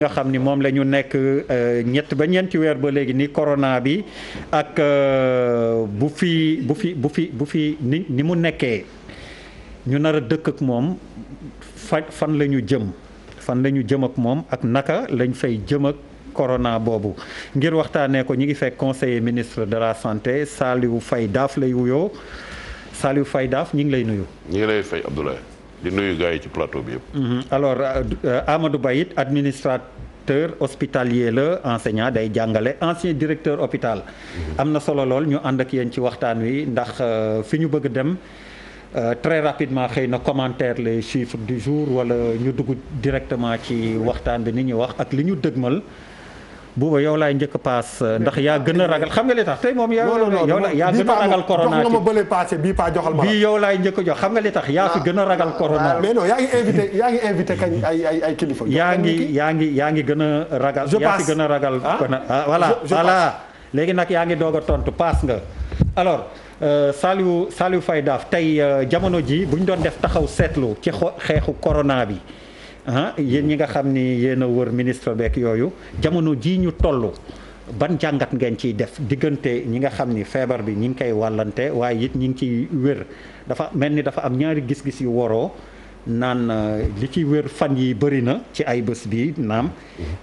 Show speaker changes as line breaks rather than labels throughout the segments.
nga xam ni moom lañu nekk euh, ñett ba ñeenti weer ba léegi ni corona bi ak euh, bu fi bu fi bu fi bu fi ni ni mu nekkee ñu nar a dëkk ak moom fa fan la ñu jëm fan la ñu jëm ak moom ak naka lañ fay jëm ak corona boobu ngir waxtaanee ko ñu ngi fekk conseiller ministre de la santé Saliou Faye Daaf lay wuyoo Saliou fay Daaf ñu ngi lay nuyu.
di nuyu gars yi ci plateau bi yëpp.
Mhm. alors euh, euh, Amadou Ba it administrateur hospitalier la enseignant day jàngale ancien directeur hopital mhm. am na solo lool ñu ànd ak yéen ci waxtaan wi ndax euh, fi ñu bëgg dem. très rapidement xëy na commentaire les chiffres du jour wala ñu dugg directement ci waxtaan bi ni ñu wax ak li ñu dëgmal. buuba yow laay njëkk paas euh, ndax yaa gën a ragal xam nga li tax tey moom yaa yaa gën a ragal corona jox nga ma bële passé bii paa joxal ma bii yow laay njëkk jox xam nga li tax yaa fi ah. gën a ragal corona ah. mais non yaa ngi
invité yaa ngi invité kañ ay ay ay kilifa yaa ngi
yaa ngi yaa ngi gën a ragal yaa gën a ragal ah. voilà voilà léegi nag yaa ngi doog a tontu paas nga alors euh, Saliou Saliou Faye Daaf tey euh, jamono ji bu ñu doon def taxaw seetlu ci xeexu corona bi ah yéen ñi nga xam ni yéen a wër ministre beek yooyu jamono jii ñu toll ban jàngat ngeen ciy def diggante ñi nga xam ni feebar bi ñi ngi koy wàllante waaye it ñi ngi ciy wér dafa mel ni dafa am ñaari gis-gis yu waroo naan eh, li ci wér fan yi bëri na ci ay bés bi naam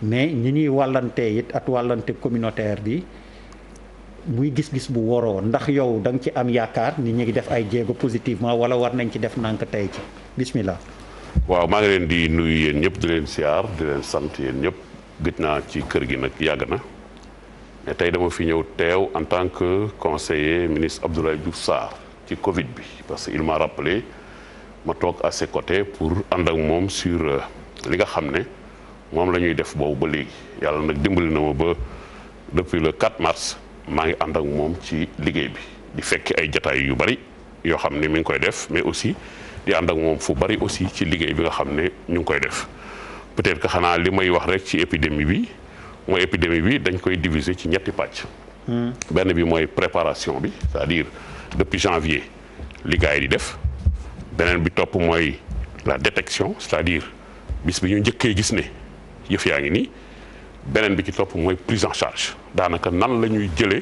mais ñi ñuy wàllante it ak wàllante communautaire bi muy gis-gis bu waroo ndax yow da nga ci am yaakaar ni ñu ngi def ay jéego positivement wala war nañ ci def nànk tey ci bismillah
waaw maa ngi leen di nuyu yéen ñëpp di leen siyaar di leen sant yéen ñëpp gëj naa ci kër gi nag yàgg na mais tey dama fi ñëw teew en tant que conseiller ministre Abdoulaye Diouf Sarr ci Covid bi parce que il m'a rappelé ma toog à ses côtés pour ànd ak moom sur euh, li nga xam ne moom la ñuy def boobu ba léegi yàlla nag dimbali na ma ba depuis le 4 mars maa ngi ànd ak moom ci liggéey bi di fekk ay jataay yu bari yoo xam ne mi ngi koy def mais aussi di ànd ak moom fu bari aussi ci liggéey bi nga xam ne ñu ngi koy def peut-être que xanaa li may wax rek ci épidémie bi mooy épidémie bi dañ koy diviser ci ñetti pàcc. Hmm. benn bi mooy préparation bi cest à diir depuis janvier li yi di def beneen bi topp mooy la détection c'est-à-dire bis bi ñu njëkkee gis ne yëf yaa ngi nii beneen bi ci topp mooy prise en charge daanaka nan la ñuy jëlee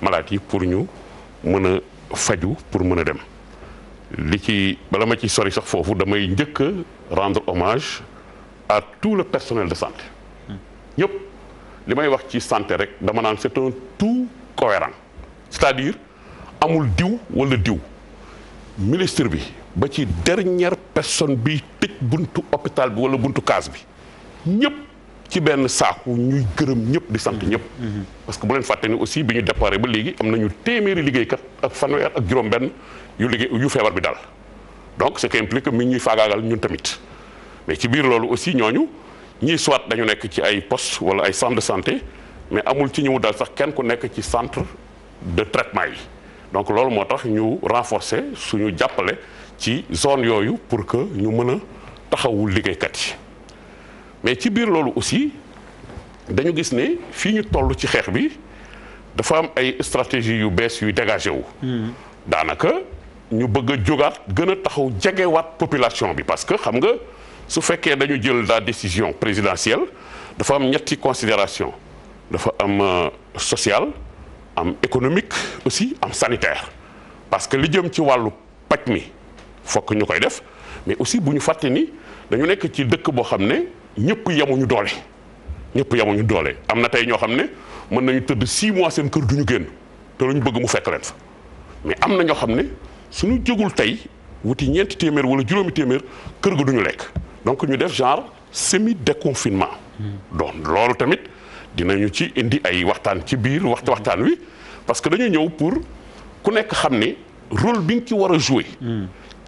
malade yi pour ñu mën a faju pour mën a dem. li ci bala ma ci sori sax foofu damay njëkk rendre hommage à tout le personnel de santé ñëpp li may wax ci santé rek dama naan c'est un tout cohérent c'est-à-dire amul diw walla diw ministre bi ba ci dernière personne bi tëj buntu hôpital bi wala buntu kaas bi ñëpp ci benn saaku ñuy gërëm ñëpp di sant ñëpp mm-hmm. Mm-hmm. parce que bu leen fàtte ni aussi bi ñu déparé ba léegi am nañu téeméeri liggéeykat ak fanweer ak juróom benn yu liggéey yu feebar bi daal donc ce qui implique mi ñuy faagaagal ñun tamit mais ci biir loolu aussi ñooñu ñii soit dañu nekk ci ay poste wala ay centre de santé mais amul ci ñu mu dal sax kenn ku nekk ci centre de traitement yi donc loolu moo tax ñu renforcer suñu jàppale ci zone yooyu pour que ñu mën a taxawu liggéeykat yi mais ci biir loolu aussi dañu gis ne fii ñu toll ci xeex bi dafa am ay stratégie yu bees yuy dégagé wu hmm. daanaka ñu bëgg a jógaat gën a taxaw jegewaat population bi parce que xam nga su fekkee dañu jël daal décision présidentielle dafa am ñetti considération dafa am euh, social am économique aussi am sanitaire parce que li jëm ci wàllu paj mi fokk ñu koy def mais aussi bu ñu fàtte ni dañu nekk ci dëkk boo xam ne ñëpp yemuñu doole ñëpp yemuñu doole am na tey ñoo xam ne mën nañu tëdd six mois seen kër du ñu génn te lu ñu bëgg mu fekk leen fa mais am na ñoo xam ne suñu jógul tey wuti ñeenti téeméer wala juróomi téeméer kër ga duñu lekk donc ñu def genre semi déconfinement donc loolu tamit dinañu ci indi ay waxtaan ci biir waxtu waxtaan wi parce que dañu ñëw pour ku nekk xam ni rôle bi nga ci war a jouer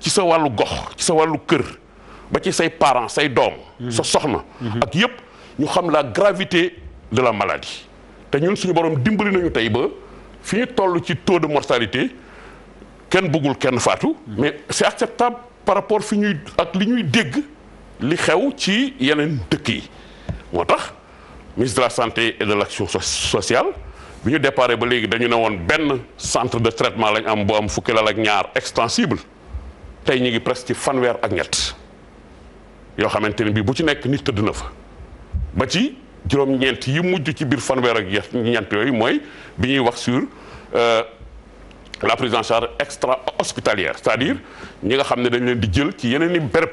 ci sa wàllu gox ci sa wàllu kër ba ci say parent say doom sa soxna ak yëpp ñu xam la gravité de la maladie te ñun suñu borom dimbali nañu tey ba fi ñu toll ci taux de mortalité kenn bëggul kenn faatu mais c'est acceptable par rapport fi ñuy ak li ñuy dégg li xew ci yeneen dëkk yi moo tax ministre de la santé et de l'action sociale bi ñu déparé ba léegi dañu ne woon benn centre de traitement lañ am bu am fukki lal ak ñaar extensible tey ñu ngi presque ci fanweer ak ñett yoo xamante ne bii bu ci nekk nit tëdd na fa ba ci juróom-ñeent yi mujj ci biir fanweer ak ñett yooyu mooy bi ñuy wax sur euh, la prise charge extra hospitalière c'est-à-dire ñi nga xam ne dañ leen di jël ci yeneen i béréb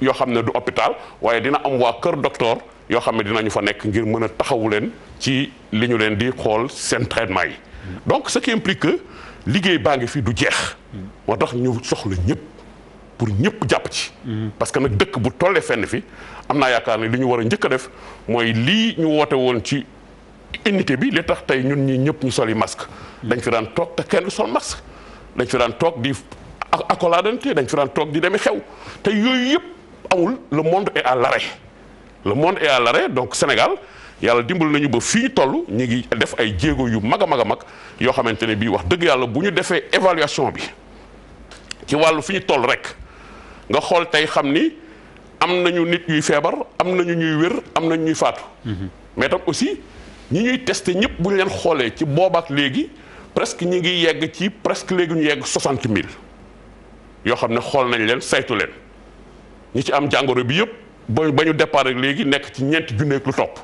yoo xam ne du hôpital waaye dina am waa kër docteur yoo xam ne dinañu fa nekk ngir mën a taxawu leen ci li ñu leen di xool seen traitement yi donc ce qui implique liggéey baa ngi fi du jeex moo tax ñu soxla ñëpp pour ñëpp jàpp ci parce que nag dëkk bu tollee fenn fi am naa yaakaar ne li ñu war a njëkk a def mooy lii ñu woote woon ci unité bi li tax tey ñun ñi ñëpp ñu soli masque dañ fi daan toog te kenn sol masque dañ fi daan toog di accoladante dañ fi daan toog di demee xew tey yooyu yëpp awul le monde est à l'arrêt le monde est à l'arrêt donc Sénégal yàlla dimbal nañu ba fii ñu toll ñu ngi def ay jéego yu mag a mag a mag yoo xamante ne bii wax dëgg yàlla bu ñu defee évaluation bi ci wàllu fi ñu toll rek nga xool tey xam ni am nañu nit ñuy feebar am na ñu ñuy wér am na ñuy faatu mm-hmm. mais tam aussi ñi ñuy testé ñëpp bu ñu leen xoolee ci boobaak léegi presque ñi ngi yegg ci presque léegi ñu yegg soixante mille yoo xam ne xool nañ leen saytu leen ñi ci am jàngoro bi yëpp ba ba ñu départ léegi nekk ci ñeenti junneeg lu topp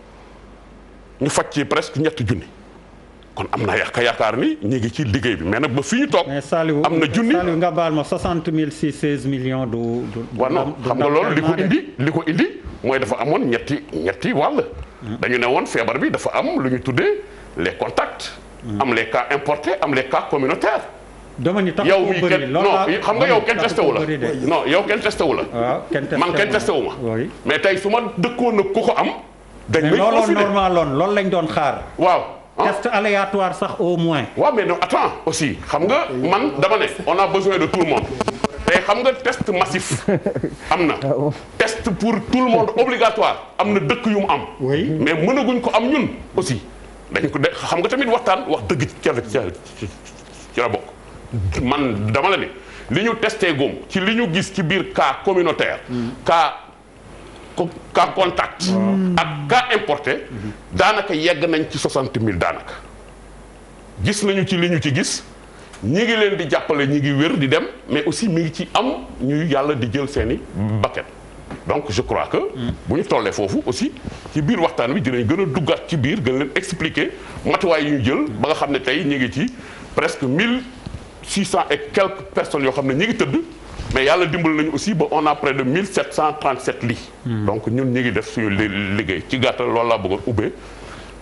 ñu faj ci presque ñetti junni kon am naa yàq yaakaar ni ñu ngi ci liggéey bi mais nag ba fi ñu toog. am na junni
Saliou nga baal ma soixante mille six seize million du.
du xam nga loolu li ko indi li ko indi mooy dafa amoon ñetti ñetti wàll. dañu ne woon feebar bi dafa am lu ñu tuddee les contacts. am les cas importés am les cas communautaires. dama ni tax yow mii kenn non xam nga yow kenn testé wu la yow kenn wu la. Ah, man kenn testé wu ma. mais tey su ma dëkkoon na ku ko am. dañ may confiné loon loolu lañ doon xaar. waaw. Ah. test aléatoire sax au moins. waaw mais non attends aussi xam nga man dama ne on a besoin de tout le monde. tey xam nga test massif am na. Ah test pour tout le monde obligatoire am na dëkk yu mu am. mais mënaguñ ko am ñun aussi. dañ ko de xam nga tamit waxtaan wax dëgg ci la ci la bokk. man dama la ne li ñu testee góom ci li ñu gis ci biir cas communautaire. Mm. cas cas contact. ak cas importé. Mm-hmm. daanaka yegg nañ ci soixante mille daanaka. gis nañu ci li ñu ci gis. ñi ngi leen di jàppale ñi ngi wér di dem mais aussi mi ngi ci am ñuy yàlla di jël seeni mm-hmm. bakket donc je crois que bu ñu tollee foofu aussi ci biir waxtaan wi dinañ gën a duggaat ci biir gën leen expliquer matuwaay yu ñu jël ba nga xam ne tey ñu ngi ci presque mille six cent et quelques personnes yoo xam ne ñu ngi tëdd mais yàlla dimbali nañu aussi ba on a près de mille sept cent trente sept lits mm-hmm. donc ñun ñu ngi def suñu liggéey ci gàttal loolu laa bëggoon ubbee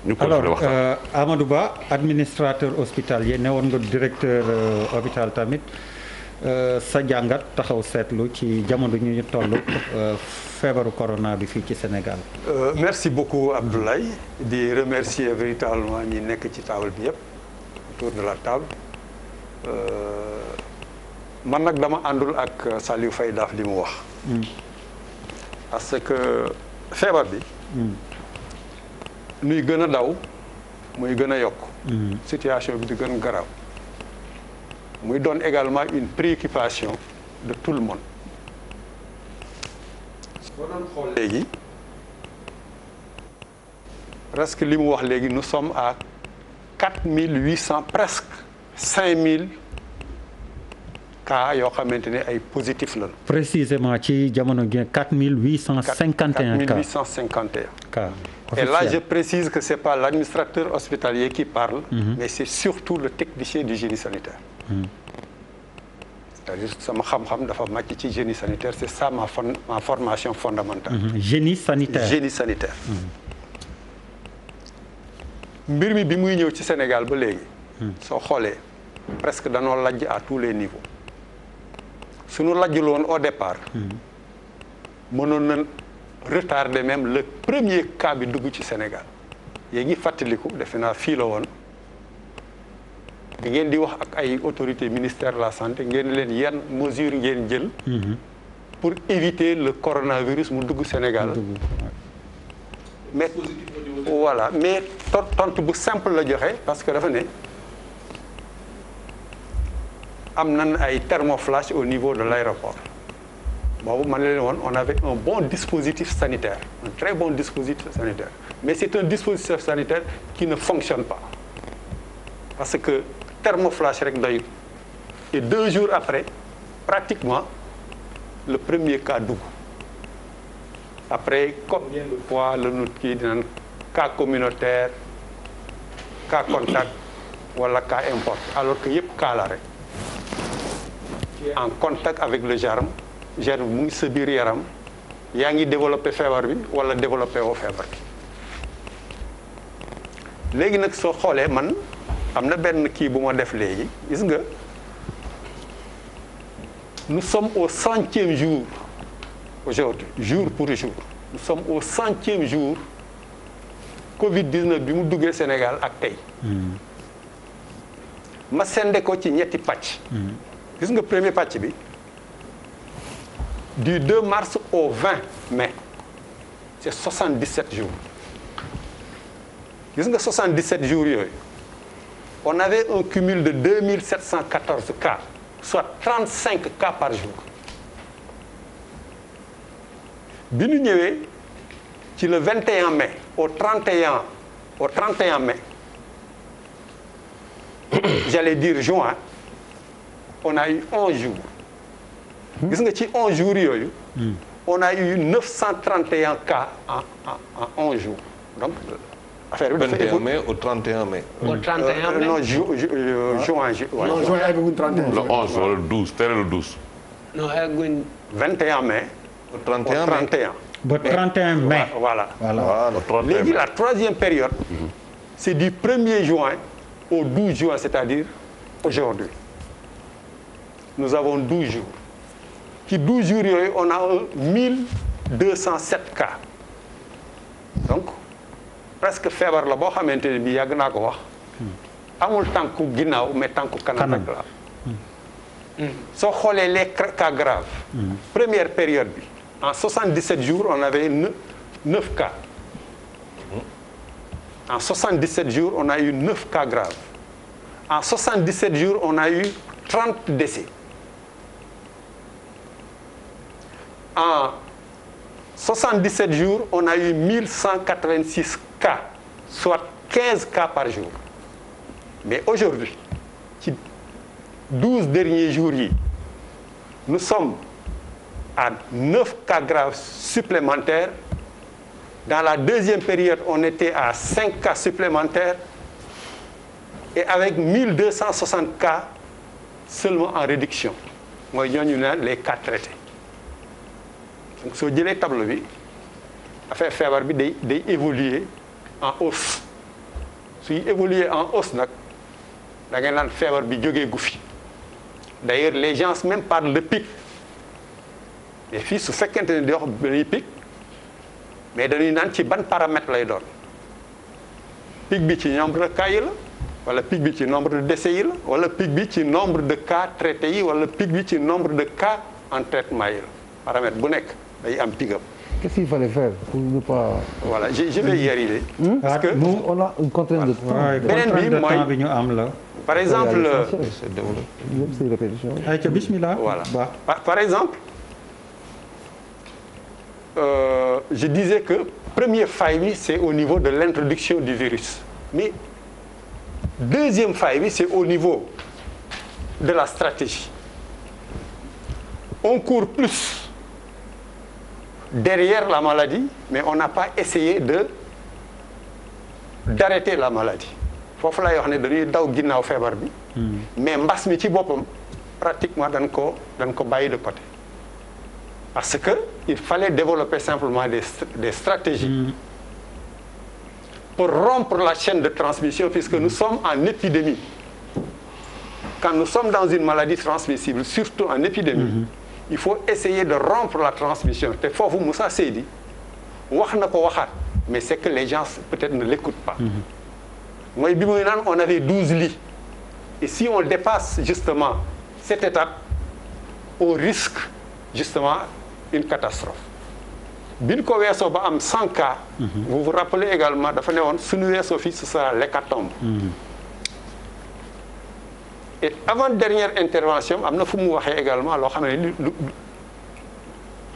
ñu continué wax alors
euh, Amadou Ba administrateur hospitalier ne woon nga directeur euh, hôpital tamit euh, sa jàngat taxaw seetlu ci jamono ñu ñu toll feebaru corona bi fii ci Sénégal.
merci beaucoup Abdoulaye di remercier véritablement ñi nekk ci table bi yëpp autour de la table man nag dama àndul ak Saliou Faye daaf li mu wax. Mm. parce que feebar bi. Mm. luy gën a daw muy gën a yokk mm-hmm. situation bi di gën garaaw muy doon également une préoccupation de tout le monde boo doon xool léegi presque li mu wax léegi nu somme à quatre mille huit cent presque cinq mille cas yoo xamante ne ay positif lañu.
précisément ci jamono gi quatre mille huit cent cinquante et
un cas. Et là, je précise que ce n'est pas l'administrateur hospitalier qui parle, mmh. mais c'est surtout le technicien du génie sanitaire. Mmh. cest à sama xam-xam dafa màcc ci génie sanitaire c'est ça ma, fon ma formation fondamentale.
Mmh. génie sanitaire génie
mhm. mbir mi bi muy ñëw ci Sénégal ba léegi. Mhm. soo xoolee presque danoo lajj à tous les niveaux. suñu lajjul loon au départ. Mhm. mënoon nañ. retardé même la premier cas bi dugg ci Sénégal yéen ngi fàttaliku defe naa fii la woon di ngeen di wax ak ay autorités ministère la santé ngeen leen yan mesure ngeen jël. Mhm. pour éviter la coronavirus mu dugg Sénégal. mais voilà mais tontu bu simple la joxe parce que dafa ne am nan ay thermoflash au niveau de l'aéroport boobu man la leen woon on avait un bon dispositif sanitaire un très bon dispositif sanitaire mais c'est un dispositif sanitaire qui ne fonctionne pas parce que thermoflash rek doyul et deux jours après pratiquement le premier cas dugg après combien de fois kii dinañ cas communautaire cas contact wala cas importe alors que yëpp cas la rek en contact avec le germe germe bi mu ngi sa biir yaram yaa ngi développé feebar bi wala développé woo feebar bi léegi nag soo xoolee man am na benn kii bu ma def léegi gis nga nous sommes au centième jour aujourd'hui jour pour jour nous sommes au centième jour Covid 19 bi mu duggee Sénégal ak tey. Hmm. ma sende ko ci ñetti pàcc. Hmm. gis nga premier pàcc bi. du 2 mars au 20 mai c'est 77 jours gis nga 77 jours yooyu on avait un cumul de 2714 cas soit 35 cas par jour bi ñu ñëwee ci le 21 mai au 31 au 31 mai j'allais dire juin on a eu 11 gis nga ci 11 jours yooyu. Hmm. on a eu 931 cas en en en 11 jours donc.
affaire bi dafa mai au 31 mai. Euh, au 31 euh, mai non ju ju euh, ah. juin ju. non juin
eggaguñ 31 le 11 wala le 12 tere le 12.
non eggaguñ. 21
mai. au 31 mai au 31.
ba 31 mai voilà. voilà léegi la
troisième période. Mhm. c' est du 1er juin au 12 juin c' est à dire aujourd'hui nous avons 12 jours. ci 12 jours yooyu on a 1207 cas donc presque feebar la boo xamante ne bii yàgg naa ko wax amul tànku ginnaaw mais tànku kanam rek mm. soo xoolee les cas graves mm. première période bi en 77 jours on avait 9 cas en 77 jours on a eu 9 en jours on a eu 30 décès en 77 jours, on a eu 1186 cas, soit 15 cas par jour. Mais aujourd'hui, ci 12 derniers jours yi, nous sommes à 9 cas graves supplémentaires. Dans la deuxième période, on était à 5 cas supplémentaires et avec 1260 cas seulement en réduction. mooy ñooñu naan les cas traités. donc soo jëlee tableau bi affaire feebar bi day day évoluer en hausse suy évoluer en hausse nag da ngay naan feebar bi jógee gu fi d'ailleurs les gens même de pic mais fii su fekkente ne di wax dañuy pic mais dañuy naan ci ban paramètre lay doon pic bi ci nombre de cas yi la wala pic bi ci nombre de décès yi la wala pic bi ci nombre de cas traités yi wala pic bi ci nombre de cas en traitement yi la paramètre bu nekk day am tigam.
qu'est-ce qu'il fallait faire pour ne pas.
voilà je je vais y arriver.
Hmm? parce que nous on a une contrainte de temps. beneen bi mooy temps
bi ñu am la. par exemple. Euh, ayca bismillah. voilà par exemple.
Euh, je disais que première faille bi c'est au niveau de l'introduction du virus mais deuxième faille bi c'est au niveau de la stratégie on court plus derrière la maladie, mais on n'a pas essayé de d'arrêter la maladie foofu laay wax ne dañuy daw ginnaaw feebar bi. Hmm. mais mbas mi ci boppam pratiquement dañ ko dañ ko bàyyi de côté parce que il fallait développer simplement des des stratégies. Mm. pour rompre la chaîne de transmission puisque nous sommes en épidémie quand nous sommes dans une maladie transmissible surtout en épidémie. Mm -hmm. il faut essayer de rompre la transmission te foofu Moussa Seydi wax na ko waxaat mais c'est que les gens peut-être ne l'écoutent pas mhm. mooy bi muy naan on avait douze lits et si on dépasse justement cette étape on risque justement une catastrophe bi ñu ko weesoo ba am 100 cas mhm. vous vous rappelez également dafa ne woon suñu weesoo fii ce sera l'hécatombe mhm. et avant dernière intervention am na fu mu waxee également loo xam ne lu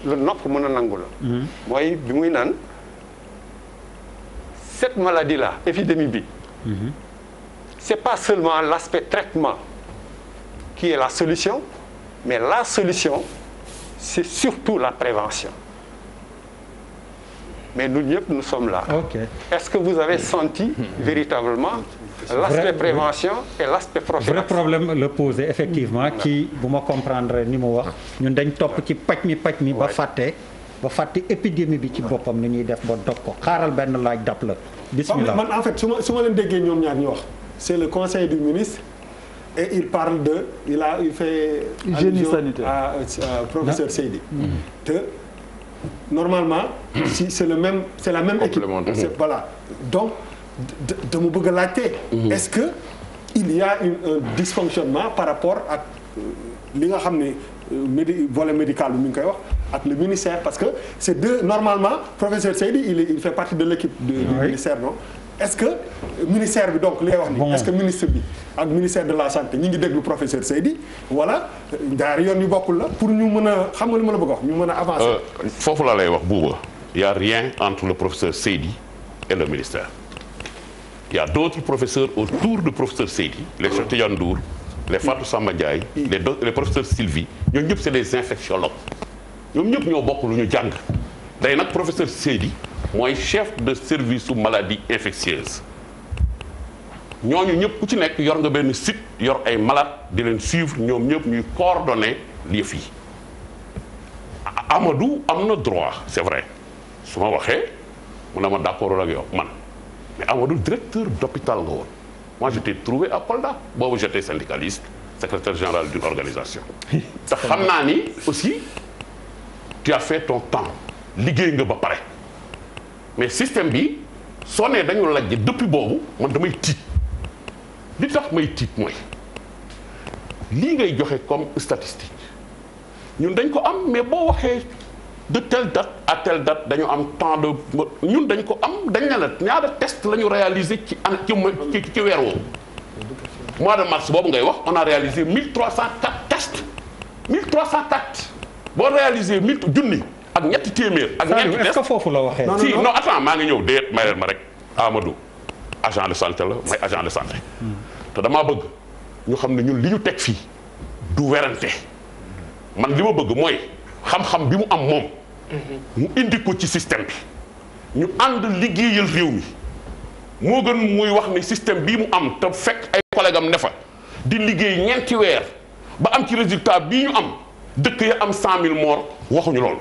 lu nopp mën a nangu la. Mm-hmm. mooy bi muy naan cette maladie là épidémie bi. Mm-hmm. c'est pas seulement l'aspect traitement qui est la solution mais la solution c'est surtout la prévention mais nous ñëpp nous sommes là. est-ce que vous avez senti mm-hmm. véritablement. l'aspect prévention et l'aspect prophylaxe. vrai
problème la poser effectivement ci bu ma comprendre ni mu wax ñun dañ topp ci paj mi paj mi ba fàtte ba fàtte épidémie bi ci boppam ni ñuy def ba dog ko xaaral benn laaj dab la bismillah man
en fait su ma leen déggee ñoom ñaar ñu wax c'est le conseil du ministre et il parle de il a il fait génie sanitaire à professeur Seydi mm-hmm. te normalement si c'est le même c'est la même équipe voilà donc dama bëgg a laajte. Mhm. est-ce que il y a une un dysfonctionnement par rapport ak euh, li nga xam ni euh, médi volet médical bi mi ngi koy wax ak le ministère parce que c'est de normalement professeur Seydi il il fait partie de l'équipe du ministère non est-ce que ministère bi donc li ngay wax ni est-ce que ministre bi ak ministère de la santé ñi ngi déglu professeur Seydi wala ñaari yoon yu bokkul la pour ñu mën a xam nga lu ma a bëgg a wax ñu mën a
avancer.
Euh, foofu laa lay wax buuba y a entre le professeur Seydi et yaa y a d'autres professeurs autour de professeur Seydi, les Cheikh Tidiane Ndour, les Fatou Samba Ndiaye, les les professeurs Sylvie ñoom ñëpp c'est des infectiologues ñoom ñëpp ñoo bokk lu ñu jàng day nag professeur Seydi mooy chef de service su maladie infectieuse ñooñu ñëpp ku ci nekk yor nga benn site yor ay malade di leen suivre ñoom ñëpp ñuy coordonner yëf yi Amadou am na droit c'est vrai su ma waxee mun ne ma d'accord ak yow man mais Amadou directeur d'hôpital nga woon moi je t'ai trouvé à Kolda boobu j'étais syndicaliste secrétaire général d'une organisation te xam naa ni aussi tu as fait ton temps liggéey nga ba pare mais système bi soo nee dañu lajj depuis boobu man damay tiit li tax may tiit mooy lii ngay joxe comme statistique ñun dañ ko am mais boo waxee de telle date à telle date dañu am temps de ñun dañ ko am dañ ne la ñaata test la ñu réalisé ci an ci ci weer woowu mois de mars boobu ngay wax on a réalisé 1304 tests 1304 boo réalisé 1000 junni ak ñetti téeméer. ak ñeenti test est foofu la waxee. non si non attends maa ngi ñëw déet may leen ma rek Amadou agent de santé la may agent de santé. Hmm. te damaa bëgg ñu xam ne ñun li ñu teg fii du werante man li ma bëgg mooy. xam-xam bi mu am moom.
Mm-hmm.
mu indi ko ci système bi. ñu ànd liggéeyal réew mi moo gën muy wax ni système bii mu am te fekk ay collègue am ne fa di liggéey ñeenti weer ba am ci résultat bi ñu am dëkk ya am cent mille waxuñu loolu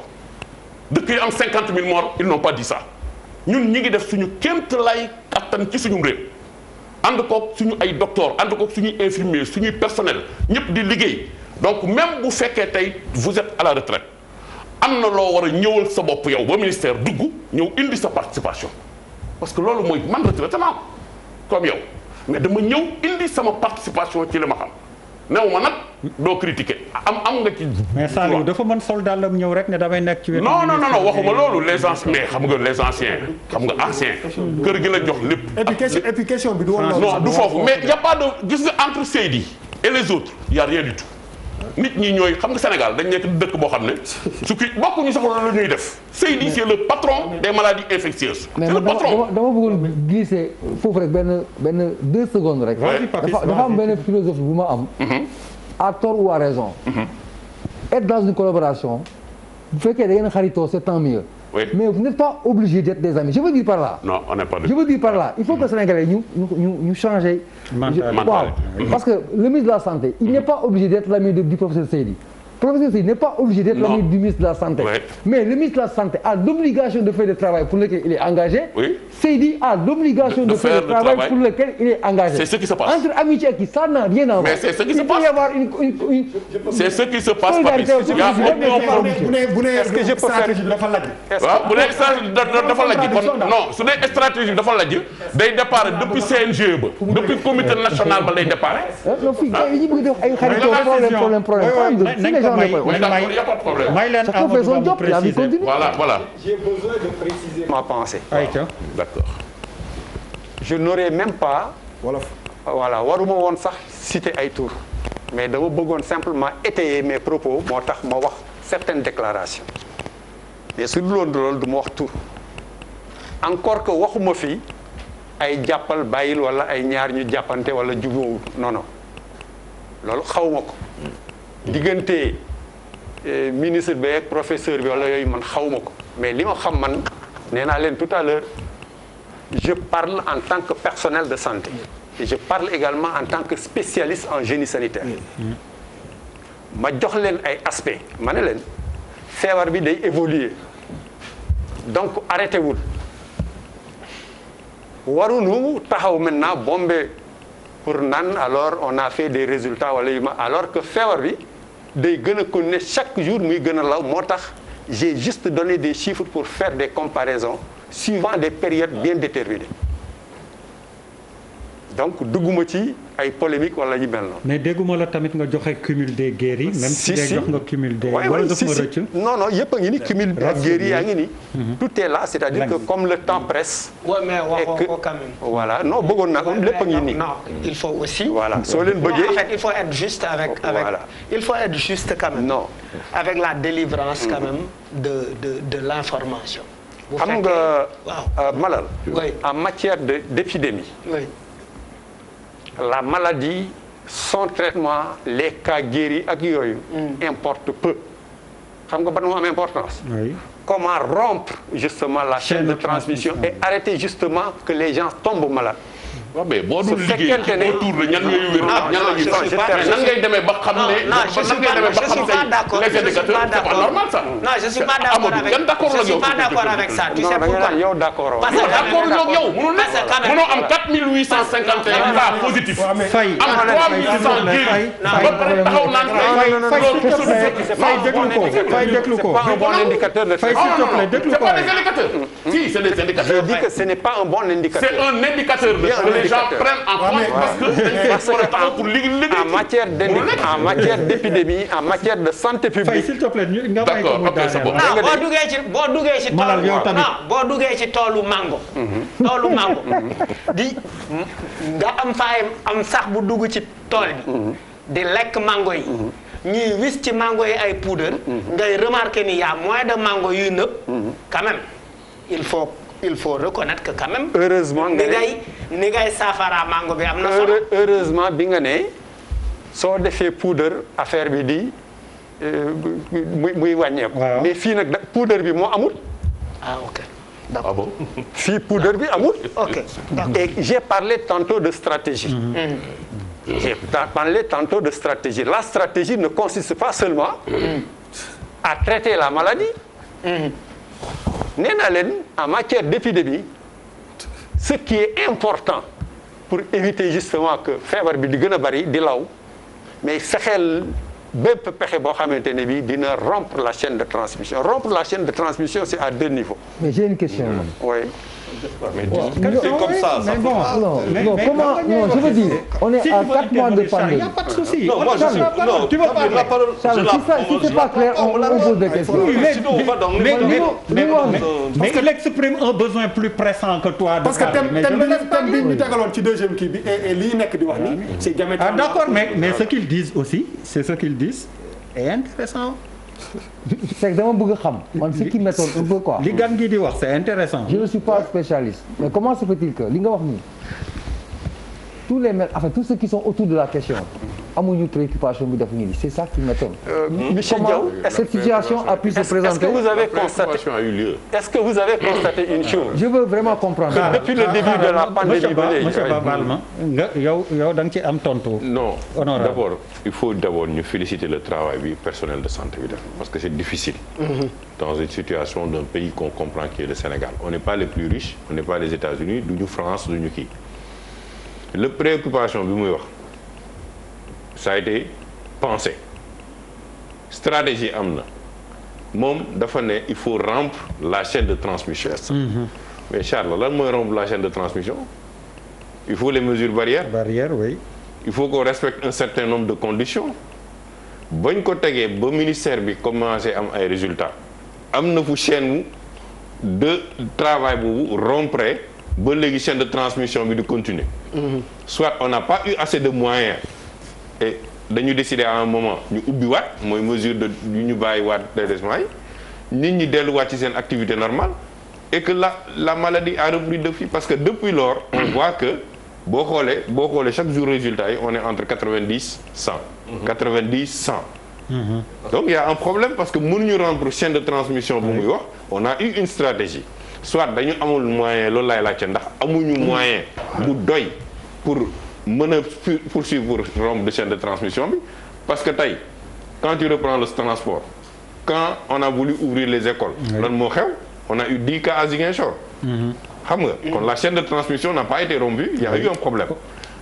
dëkk ya am cinquante mille morts ils n'ont pas dit ça ñun ñi ngi def suñu kémt lay kattan ci suñu réew. ànd koog suñu ay docteur ànd koog suñuy infirmier suñuy personnel ñëpp di liggéey donc même bu fekkee tey vous êtes à la retraite am na loo war a ñëwal sa bopp yow ba ministère dugg ñëw indi sa participation parce que loolu mooy man retraité naa comme yow mais dama ñëw indi sama participation ci li ma xam néew ma nag doo critiquer am am nga
ci. mais Saliou dafa mën soldat la ñëw rek ne damay nekk ci wetu. non non non waxuma loolu
les anciens mais xam nga les kër gi la jox lépp.
et puis question bi du woon
non du foofu mais y' a gis nga entre Seydi et les autres y' nit ñi ñooy xam nga Sénégal dañ nekk dëkk boo xam ne su kii bokkuñu sax la ñuy def. Seydi c'est le patron des maladies infectieuses. c'est le patron
mais dama bëggoon glisser foofu rek benn benn secondes rek. dafa am benn philosophie bu ma am. Mhm. à tort ou à raison. Mhm. être dans une collaboration bu fekkee da ngeen xaritoo c'est oui mais vous n'êtes pas obligé d'être des amis je veux dire par là.
non on n'est pas je
veux dire par là il faut que mm. Sénégalais ñu ñu ñu changer. mentalité waaw parce que le ministre de la santé. il n'est pas obligé d'être l'ami du professeur Seydi. professeur Seydi n'est pas obligé d'être l'ami du ministre de la Santé. Ouais. Mais le ministre de la Santé a l'obligation de faire le travail pour lequel il est engagé. Oui. Seydi a l'obligation de, de, faire, faire le travail, travail, pour lequel il est engagé. C'est ce qui se passe. Entre amitié et qui, ça n'a rien à voir. Mais c'est ce qui il se passe. Il peut y avoir une. une, une... C'est ce qui se passe, Papis. Il y a aucun problème. Est-ce que je peux faire. waaw bu nekk stratégie dafa lajj kon non
su nekk stratégie dafa lajj day départ depuis CNG ba depuis comité national ba lay départ.
non fii gars yi ñu bëgg def ay xarit problème problème problème. may may
leen Amadou Ba mu préciser voilà voilà.
j'ai besoin de préciser ma pensée. ayca d'accord. je n'aurais même pas. wolof waruma woon sax citer ay tour mais dama bëggoon simplement étayer mais propos moo tax ma wax certaines déclaration mais su dul loolu du ma wax tour encore que waxuma fi ay jàppal bàyyil wala ay ñaar ñu jàppante wala jubóowul non non loolu xawma ko. diggante eh, ministre bi ak professeur bi wala yooyu man xawma ko mais li ma xam man nee naa leen tout à l'heure je parle en tant que personnel de santé et je parle également en tant que spécialiste en génie sanitaire ma jox leen ay aspect ma ne leen feebar bi day évoluer donc arrêté wul waruñu taxaw maintenant bombe pour nan alors on a fait des résultats wala yu ma alors que feebar bi day gën a continuer chaque jour muy gën a law moo tax j'ai juste donné des chiffres pour faire des comparaisons suivant des périodes bien déterminées donc dugguma ci ay polémique wala ñu mel
mais dégguma la tamit nga joxe cumul des guerres yi. même si si jox nga cumul wala daf ma rëcc non non yëpp a ni cumul des guerres yi ngi ni.
Mhm. tout est là c' est à dire que comme le temps presse. oui mais ko
voilà non bëggoon na ko lépp a ngi ni. il faut aussi. voilà soo leen bëggee en fait il faut être juste avec. avec il faut être juste quand même. non la délivrance quand mhm. même de de de l' information. bu nga euh, Malal. en matière
de d' épidémie.
la maladie son traitement
les cas guéris ak yooyu mm. importe peu xam nga ban moo am importance oui. comment rompre justement la chaîne de transmission et arrêter justement que les gens tombent malades waaw mais boo dul liggéey autour de ñan ñooy wér ñan la ñuy mais nan ngay demee ba xam ne nan ngay demee ba xam ne les indicateurs c'est pas normal ça non je suis
pas d'accord Amadou gan d'accord la yow pas d'accord avec ça tu sais pourquoi yow d'accord parce que d'accord loog yow mënul nekk mënoo am 4851 cas positif am 3100 guéri ba pare taxaw naan
fay déglu ko fay déglu ko c'est pas un bon
indicateur de fay s'il te plaît déglu ko c'est pas des indicateurs
si c'est des indicateurs je dis que ce n'est pas un bon indicateur c'est un indicateur de les gens prennent en compte parce que matière en matière d'épidémie en matière de santé publique. s'il te plaît ñu nga may ko boo
duggee ci boo duggee ci toolu non boo duggee ci toolu mango. Mhm. toolu mango mhm. di nga am faay am sax bu dugg ci tool bi. Mhm. di lekk mango yi. ñuy wis ci mango yi ay poudre. ngay remarquer ni y a de mango yuy nëb. quand même il faut. il faut reconnaître que quand même. heureusement nga ne ni ngay ni mango bi am na solo.
heureusement bi nga ne soo defee poudre affaire bi di euh, muy muy mais fii nag poudre bi moo amul. ah ok. Ah fii poudre bi amul. ok et j'ai parlé tantôt de stratégie. Mm-hmm. Mm-hmm. j'ai parlé tantôt de stratégie la stratégie ne consiste pas seulement. Mm-hmm. à traiter la maladie. nee naa leen en matière d'épidémie ce qui est important pour éviter justement que feebar bi di gën a bari di law mais fexeel bépp pexe boo xamante ne bi dina rompre la chaîne de transmission rompre la chaîne de transmission c'est à deux niveaux.
mais j'ai une question.
oui. Mais comme ça, ça bon, non, mais, non, mais comment, non, je veux dire, on est si à 4 mois de pandémie. Il n'y a pas de
souci. Non, moi, je suis, non, tu veux parler. La parole, Charles, je la, si ça, si c'est pas clair, on, on pose des questions. Oui, mais, sinon, on va
dans mais, mais, mais, mais,
mais il exprime un besoin plus pressant que toi. De parce que thème
bi ñu tegaloon ci deuxième kii bi et lii nekk di wax nii. c'est diamétralement. Ah d'accord, mais mais ce
qu'ils disent aussi, c'est ce qu'ils disent est intéressant.
c'est dama bëgg xam man ce qui m'étonne un peu quoi. li gan
gi di wax c'est intéressant.
je ne suis pas spécialiste mais comment se fait-il que li nga wax nii. tous les maires enfin tous ceux qui sont autour de la question amuñu préoccupation bu def ñu ni c'est ça qui m'étonne.
Euh, hmm? se présenter est-ce que vous avez
est-ce que vous avez constaté une chose.
je veux vraiment comprendre.
il faut d'abord ñu féliciter le travail personnel de santé bi parce que c'est difficile. Mhm. dans une situation d'un pays qu'on comprend qui est le Sénégal on n'est pas les plus riches on n'est pas les États-Unis duñu le préoccupation bi muy wax ça a été pensé stratégie am na moom dafa ne il faut rompre la chaîne de transmission. Mmh. mais Charles lan mooy rompre la chaîne de transmission il faut les mesures barrières. barrières il faut ko respecte un certain nombre de conditions bañ ko tegee ba ministère bi commencé am ay résultat am na fu chaîne wu de travail boobu rompre ba léegi chaîne de transmission bi di continuer mhm. soit on n'a pas eu assez de moyens et dañu décider à un moment ñu ubbi waat mooy mesure de ñu bàyyi waat délaissement yi nit ñi delluwaat ci seen activité normale et que la la maladie a repris depuis parce que depuis lors on mhm. voit que boo xoolee boo xoolee chaque jour résultat yi on est entre quatre-vingt-dix cent mhm. quatre-vingt-dix cent donc il y a un problème parce que mënuñu rendre chaîne de transmission bu muy wax on a eu une stratégie soit dañu amul moyen loolu laay laajte ndax amuñu moyen bu doy pour mën a poursuivre rombe de chaîne de transmission bi parce que tey quand tu reprends le transport quand on a voulu ouvrir les écoles lan moo xew on a eu 10 cas à Ziguinchor mm-hmm. xam nga kon la chaîne de transmission n'a pas été rompue il y a eu un problème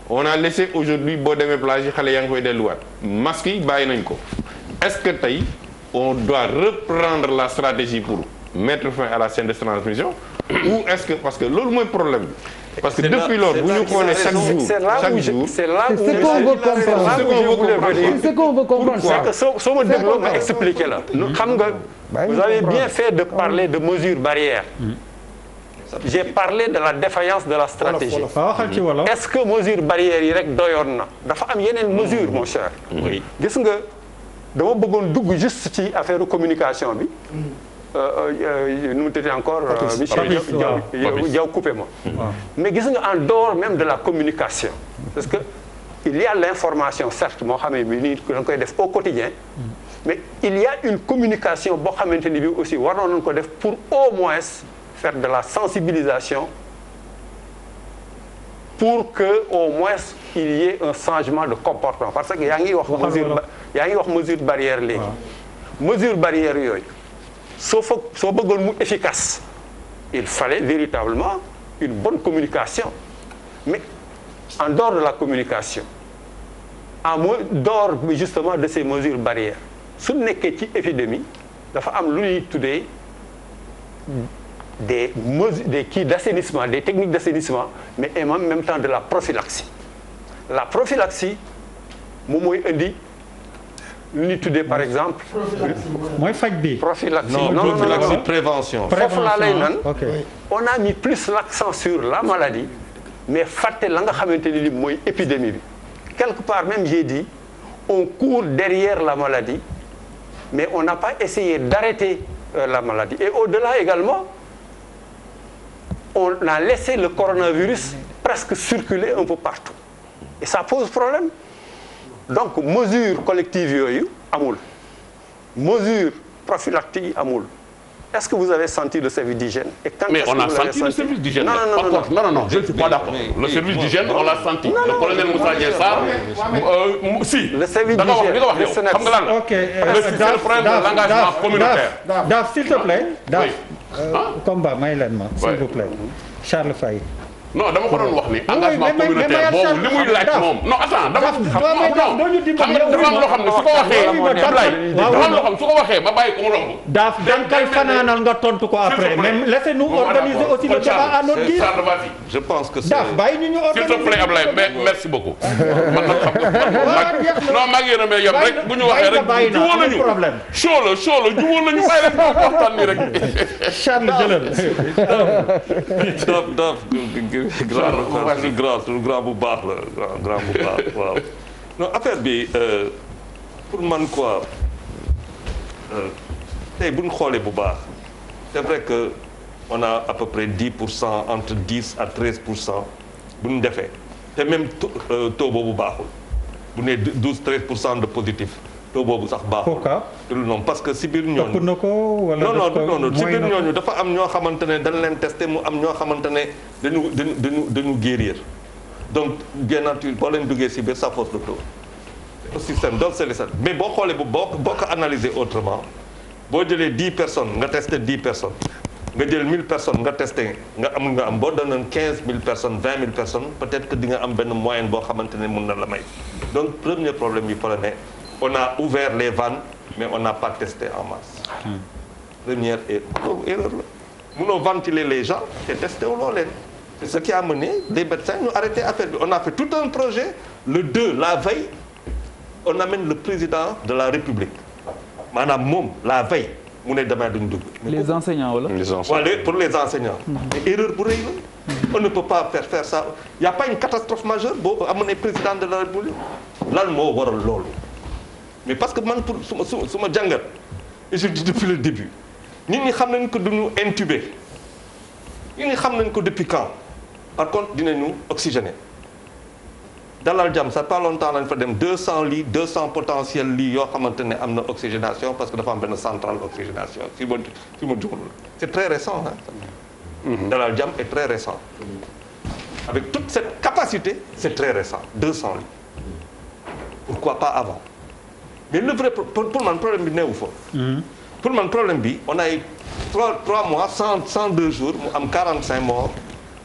on a laissé aujourd'hui boo demee plage xale yaa ngi koy delluwaat masque yi bàyyi nañ ko est-ce que tey on doit reprendre la stratégie pour mettre fin à la chaîne de transmission ou est-ce que parce que loolu mooy problème bi parce
que depuis lors bu ñu xoolee chaque jour chaque jour c'est là où je c'est
qu'on c'est que soo soo ma dégloo ma expliquer la xam
nga
vous avez bien
fait de parler de mesures barrières mm. j'ai parlé de la défaillance de la stratégie ah, est-ce que mesures barrières yi rek doyoon na dafa am yeneen mm. mesures mon cher gis nga dama bëggoon dugg juste ci affaire communication bi mm. Euh, euh, euh, nu mu tëddee encore. Michel Diaw Diaw coupé ma. Mm. Ah. mais gis nga en dehors même de la communication. parce que il y a l'information certes moo xam ni bi nii da nga koy def au quotidien. Mm. mais il y une communication boo xamante ni bi aussi waroon nañu ko def pour au moins faire de la sensibilisation. pour que au moins il y un changement de comportement parce que yaa ngi wax mesure yaa ngi wax mesure barière léegi mesure barrière yooyu soo fa soo bëggoon mu efficace il fallait véritablement une bonne communication mais en dehors de la communication door dehors justement de ces mesures barrières su nekkee ci épidémie dafa am lu ñuy tuddee des mesures des kits d'assainissement des techniques d'assainissement mais en même temps de la prophylaxie la prophylaxie moom mooy indi lu ñuy par exemple. mooy faj bi. prophylaxie non non non prévention. foofu laa lay nan on a mis plus l'accent sur la maladie mais fàtte la nga xamante ni mooy épidémie bi. quelque part même j'ai dit on court derrière la maladie mais on n'a pas essayé d'arrêter euh, la maladie et au-delà également on a laissé le coronavirus presque circuler un peu partout et ça pose problème. donc mesure collective yooyu amul mesure prophylactique amul est-ce que vous avez senti le service d'hygiène et quand mais on a senti, senti le service d'hygiène non non non, non, contre, non je ne le service d'hygiène on l'a senti le colonel Moussa Dieng Sarr le
communautaire Daf s'il te plaît Daf
combat euh, leen ma s'il vous Charles Faye
non dama ko doon wax ni engagement communautaire boobu li muy laaj moom non attends dama xam nga dafa am loo xam ne su ko waxee Ablaye dafa am loo xam su ko waxee ma bàyyi ko mu romb daaf dankay
fanaanal nga tontu ko après même laissez-nous organiser aussi le débat à notre guise
je pense que
daaf bàyyi ñu ñu organiser s'il te plaît Ablaye merci beaucoup man nag xam nga non maa ngi
yërëmee yam rek bu ñu waxee rek juwoo nañu problème
show la show la juwoo nañu bàyyi rek waxtaan ni rek
Charles jëlal grand grand grand grand bu baax la grand bu baax waaw. non affaire bi euh, pour man quoi euh, tey bu ñu xoolee bu baax c'est vrai que on a à peu près pour cent entre dix à pour cent bu ñu defee te même taux euh, boobu baaxul bu ne douze treize pour cent de positif. taux boobu sax baaxul. pourquoi non parce que si biir ñooñu. topp na
ko wala non non non si biir
dafa am ñoo xamante ne dañ leen testé mu am ñoo xamante ne dañu dañu dañu dañu guérir donc génnatul boo leen duggee si biir ça pose le taux. système donc c'est ça mais boo xoolee bu boo boo ko analyser autrement boo jëlee dix personnes nga testé dix personnes nga jël mille personnes nga testé nga am nga am boo doonoon quinze mille personnes vingt mille personnes peut-être que di nga am benn moyenne boo xamante ne mun na la may donc premier problème yi fa ne on a ouvert les vannes mais on n'a pas testé en masse hmm. première er-, oh, erreur la mënoo ventiler les gens te testé wuloo leen c'est ce qui a mené les médecins ñu arrêté affaire bi on a fait tout un projet le deux la veille on amène le président de la République maanaam moom la veille mu ne demain duñ dugg.
les enseignants wala. les enseignants ouais, pour
les enseignants. Hmm. mais erreur bu rëy hmm. ne peut pas faire faire ça y a pas une président de la République lan moo waral loolu. mais parce que man pour su ma su ma jàngat et je dis depuis le début nit ñi xam nañ ko duñu intubé nit ñi xam nañ ko depuis quand par contre dinañu oxygéné dalal jam sa pas longtemps lañ fa dem 200 lits 200 potentiels lits yoo xamante ne am na oxygénation parce que dafa am benn centrale oxygénation si ma si ma juumul c' est très récent ah. dalal jàmm est très récent. avec toute cette capacité c' est très récent 200 lits pourquoi pas avant. mais le vrai pour man problème bi neewu fo hmm. pour man problème bi on a eu trois mois cent cent deux jours mu am quarante cinq morts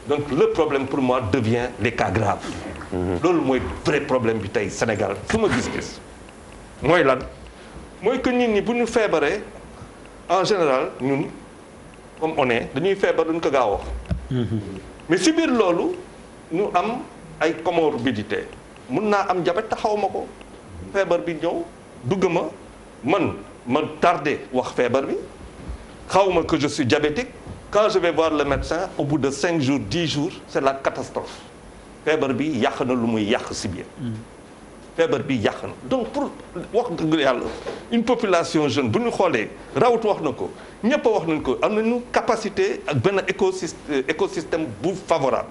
donc le problème pour moi devient les cas graves. Hmm. loolu mooy vrai problème bi tey Sénégal su ma gis mooy lan mooy que nit ñi bu ñu feebaree en général ñun comme on est dañuy feebar duñ ko gaaw hmm. mais si biir loolu ñu am ay comorbidité mun naa am diabète te xaw ma ko feebar bi ñëw. dugg ma man ma tardé wax feebar bi xawma que je suis diabétique quand je vais voir le médecin au bout de cinq jours dix jours c'est la catastrophe feebar bi yàq na lu muy yàq si biir mm. feebar bi yàq na donc pour wax dëgg yàlla une population jeune bu ñu xoolee rawut wax na ko ñëpp wax nañ ko am nañu capacité ak benn écosystème euh, écosystème bu favorable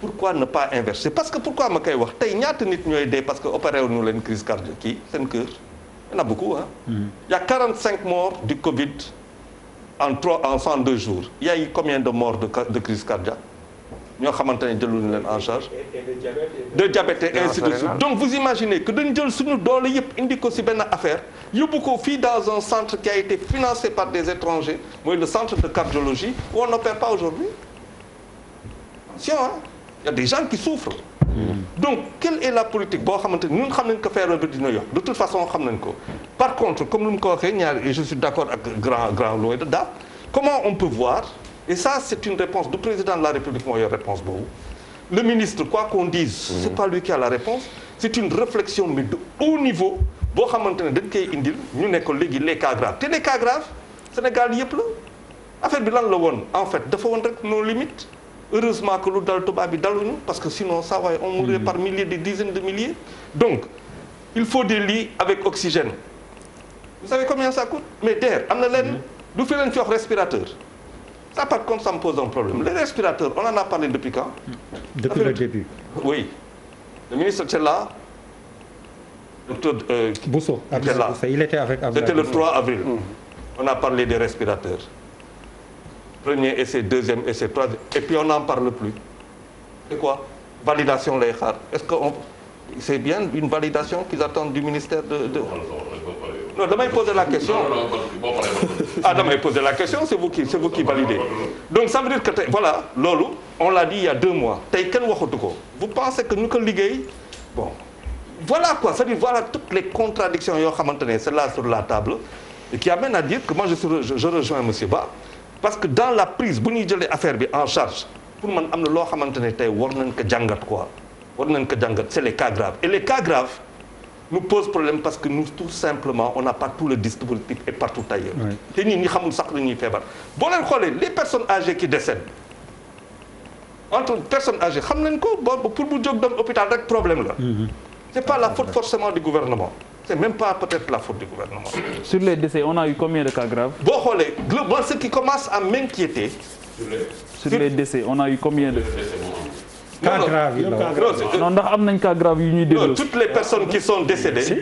pourquoi ne pas inverser parce que pourquoi ma koy wax tey ñaata nit ñooy dee parce que opéré wu ñu leen crise cardiaque kii seen cœur il y en a beaucoup ah. y a 45 morts du Covid en trois en deux jours y a eu combien de morts de de crise cardiaque ñoo xamante ne jëluñu leen en charge. de diabète et donc vous imaginez que dañ jël suñu doole yëpp indi ko ci benn affaire yóbbu ko fii dans un centre qui a été financé par des étrangers mooy de cardiologie où on n'opère pas aujourd'hui attention y a des gens qui souffrent. donc quelle est la politique boo xamante ni ñun xam nañ ko feebar bi dina yokk de toute façon xam nañ ko par contre comme nu mu ko waxee ñaari je suis d' accord ak grand grand looy daal comment on peut voir et ça c' une réponse du président de la république moo yor réponse boobu le ministre quoi qu'on dise mm-hmm. c' pas lui qui a la réponse c' une réflexion mais de haut niveau boo xamante ne dañ koy indil ñu ne ko léegi les cas graves te yëpp la affaire bi lan la woon en fait dafa woon rek nos limites heureusement que lu dal tubaab bi daluñu parce que sinon ça va on mourrait hmm. par milliers des dizaines de milliers donc il faut des lits avec oxygène vous savez combien ça coûte mais DER am na leen hmm. du fi leen jox respirateur ça par contre ça me pose un problème les respirateurs on en a parlé depuis quand hmm.
depuis le début
oui le ministre était là docteur euh,
Bousso était là il était avec c'était le
3 avril on a parlé des respirateurs premier essai deuxième essai troisième et puis on n'en parle plus c'est quoi validation lay xaar est-ce que on c'est bien une validation qu'ils attendent du ministère de de non damay poser la question ah damay poser la question c'est vous qui c'est vous qui validez donc ça veut dire que tey voilà loolu on l'a dit il y a deux mois tey kenn waxatu ko vous pensez que ñu ko liggéey bon voilà quoi c'est-à-dire voilà toutes les contradictions yoo xamante ne c'est là sur la table et qui amène à dire que moi je je, je rejoins monsieur Ba parce que dans la prise bu ñuy jëlee affaire bi en charge pour man am na loo xamante ne tey war nañ ko jàngat quoi war nañ ko jàngat c'est les cas graves et les cas graves nous posent problème parce que nous tout simplement on n'a pas tout le dispositif e partout ailleurs te ñii ñi xamul sax dañuy feebar boo leen xoolee les personnes âgées qui décèdent entre personnes âgées xam nañ ko boobu pour bu jóg dem hôpital rek problème la mm-hmm. c'est pas ah, la faute forcément du gouvernement c'est même pas peut-être la faute du gouvernement.
Sur les décès, on a eu combien de cas graves? boo xoolee moi ce qui commence à m'inquiéter. sur les décès on a eu combien de. cas non ndax am nañ cas grave ñuy delloosi. toutes les personnes qui sont décédées.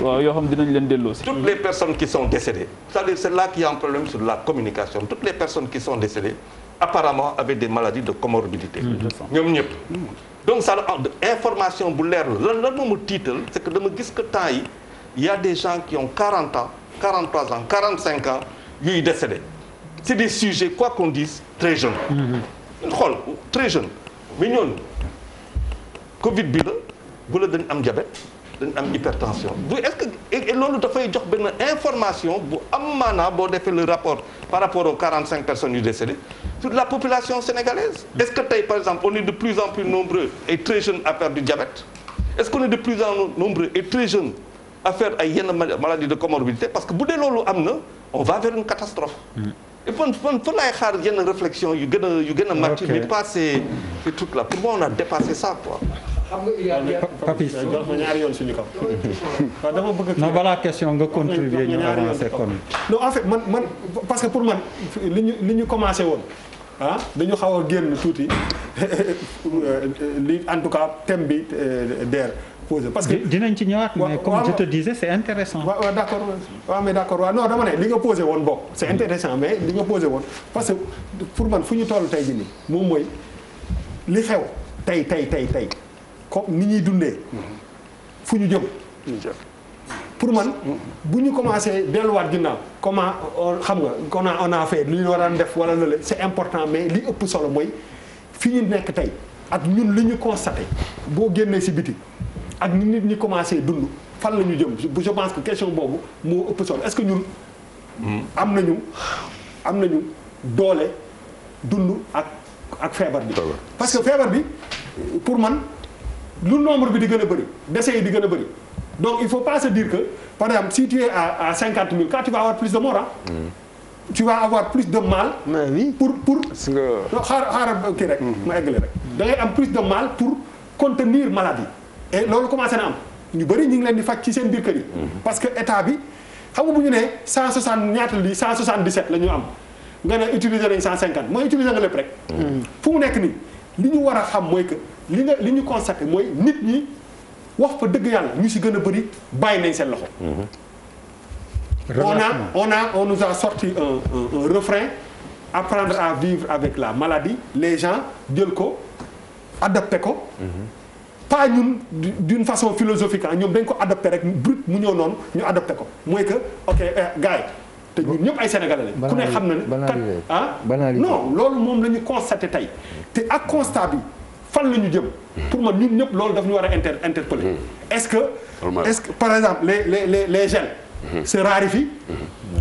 waaw yoo xam dinañ leen delloosi. toutes les personnes qui sont décédées. c'est là qu'il y a un problème sur la communication toutes les personnes qui sont décédées. apparemment avec des maladies de comorbidité mm-hmm. ñoom ñëpp donc ça ah, information bu leer la lan lan moomu tiital c'est que dama gis que temps yi y a des gens qui ont 40 ans 43 ans 45 ans yuy décédé c'est des sujets quoi qu'on dise très jeunes mm-hmm. xool très jeunes mais ñoon covid bi la wala dañ am diabète dañ am hypertension bu est-ce que loolu dafay jox benn information bu am maanaa boo defee le rapport par rapport aux cinq personnes yu décédées sur la population sénégalaise Est-ce que par exemple on est de plus en plus nombreux et très jeunes à faire du diabète Est-ce qu'on est de plus en nombreux et très jeunes à faire ay yenn maladie de comorbidité parce que bu dee loolu on va vers une catastrophe mm. et fan fan fan laay réflexion yu gën a yu gën a mature mais pas là pour moi on a dépassé ça quoi
euh,
non balaa question nga contribuer ñu avancer kon.
ah dañu xaw a génn tuuti li en tout cas thème bi euh, DER pose parce que
dinañ ci ñëwaat mais comme je te disais c'est intéressant waaw waaw d'accord waaw mais dama ne li
nga posé woon bokk c'est mm-hmm. intéressant mais li nga posé woon parce que pour man fu ñu toll tey jii nii moom mooy li xew tey tey tey tey comme ni ñuy dundee mm-hmm. fu ñu jëm pour man bu ñu commencé delluwaat ginnaaw comment xam nga on a on a fait lu ñu war a def wala lële c'est important mais li ëpp solo mooy fi ñu nekk tey ak ñun li ñu constaté boo génnee si biti ak ni nit ñi commencé dund fan la ñu jëm je pense que question boobu moo ëpp solo est-ce que ñun. Hmm. am nañu am nañu doole dund ak ak feebar bi. parce que feebar bi pour man lu nombre bi di gën a bari décès yi di gën a bari. donc il faut pas se dire que par exemple si à à cinquante mille cas tu vas avoir plus de morts ah. tu vas avoir plus de mal. pour pour. parce que xaaral xaaral kii rek. ma eggale rek da ngay am plus de mal pour contenir maladie. et loolu commencé na am ñu bëri ñu ngi leen di faj ci seen biir kër yi. parce que état bi xam nga bu ñu nee cent soixante ñaata lii cent soixante dix sept la ñu am nga ne utiliser ne cent cinquante mooy utiliser nga lépp rek. Mm. fu mu nekk nii li ñu war a xam que li nga li ñu constaté mooy nit ñi. wax fa dëgg yàlla ñu si gën a bëri bàyyi nañ seen loxo. on a on a on nous a sorti un, un, un refrain apprendre à vivre avec la maladie les gens jël ko adapté ko.
Mm-hmm.
pas ñun du d'une façon philosophique ah ñoom dañ ko adopté rek brut mu ñëw noonu ñu adopté ko mooy que ok eh, gars yi te ñun ñëpp ay sénégalais lañ ku ne xam na ne ah non loolu moom la ñu constaté tey te ak constat bi fan la ñu jëm. pour man ñun ñëpp loolu daf ñu war a inter interpeller. Hmm. est-ce que est-ce que par exemple les les les les gels. Hmm. se raréfient. Hmm.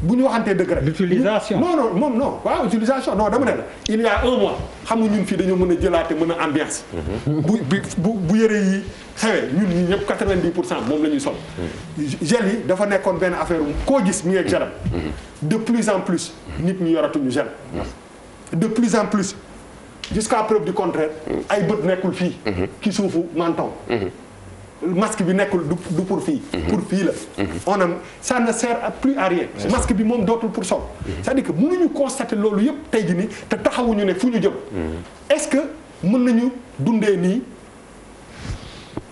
bu ñu waxantee dëgg rek. l'utilisation non non moom non waaw utilisation non dama ne la un mois xam nga ñun fii dañoo mën a jëlaate mën a ambiance. bu bu bu bu yëre yi xewee ñun ñi ñëpp 90 pour cent moom la ñuy sol. gel yi dafa nekkoon benn affaire koo gis mi ngi ak gelam. de plus en plus. nit ñi yoratuñu gel. de plus en plus. jusqu'à preuve du contraire ay bët nekkul fii ci suufu menton masque bi nekkul du pour fii pour fii la on a ça ne sert plus à rien bi moom dootul pour sol c'est-à-dire que mënuñu constater loolu yëpp tey ji ni te taxawuñu ne fu ñu jëm est-ce que mën nañu dundee nii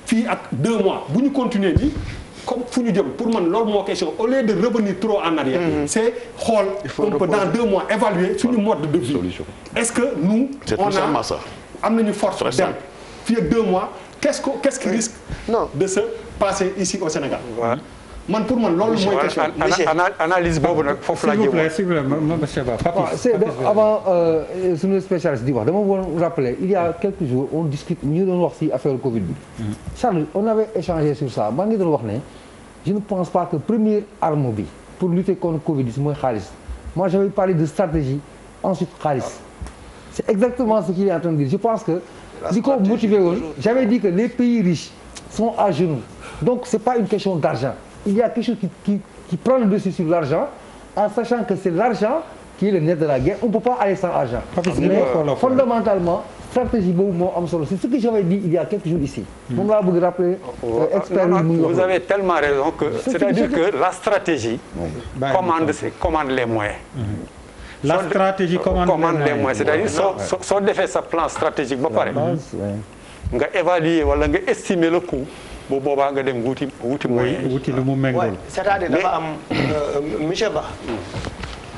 fii ak deux mois bu ñu continuer nii comme fu ñu jëm pour man loolu moo question au lieu de revenir trop en arrière. Mm-hmm. c'est xool on peut dans deux mois évaluer suñu mode de vie. est-ce que nous. on a am nañu force dem fii ak deux mois qu'est-ce que qu'est-ce qui risque. de se passer ici au Sénégal. man pour man loolu mooy question monsieur
analyse boobu nag foofu la jëmoon s'il
vous plaît monsieur Ba avant euh, suñu spécialiste di wax dama woon rappeler il y a quelques jours on discute ñu doon wax ci affaire Covid bi mhm. Charles on avait échangé sur ça maa ngi doon wax ne je ne pense pas que première arme bi pour lutter contre Covid bi mooy xaalis moi j'avais parlé de stratégie ensuite xaalis ah. c'est exactement ce qu'il est en train de dire je pense que li ko motivé woon j'avais dit que les pays riches sont à genoux donc c'est pas une question d'argent il y a quelque chose qui, qui, qui prend le dessus sur l'argent, en sachant que c'est l'argent qui est le nerf de la guerre. On ne peut pas aller sans argent. Ah, Mais fondamentalement, stratégie boobu moo am solo c'est ce que j'avais dit il y a quelques jours ici. Hmm. moom laa bëgg rappeler oh, euh, ah, expert yi muy vous avez
tellement raison que. c'est-à-dire que la stratégie. commande c'est commande les moyens.
Hmm. la stratégie commande les moyens c'est-à-dire soo
soo defee sa plan stratégique ba pare. nga évaluer wala nga estimer le coût. bu boobaa nga dem wuti wuti
mooy wuti lu mu méngool
c'est-à-dire dafa am euh, monsieur Ba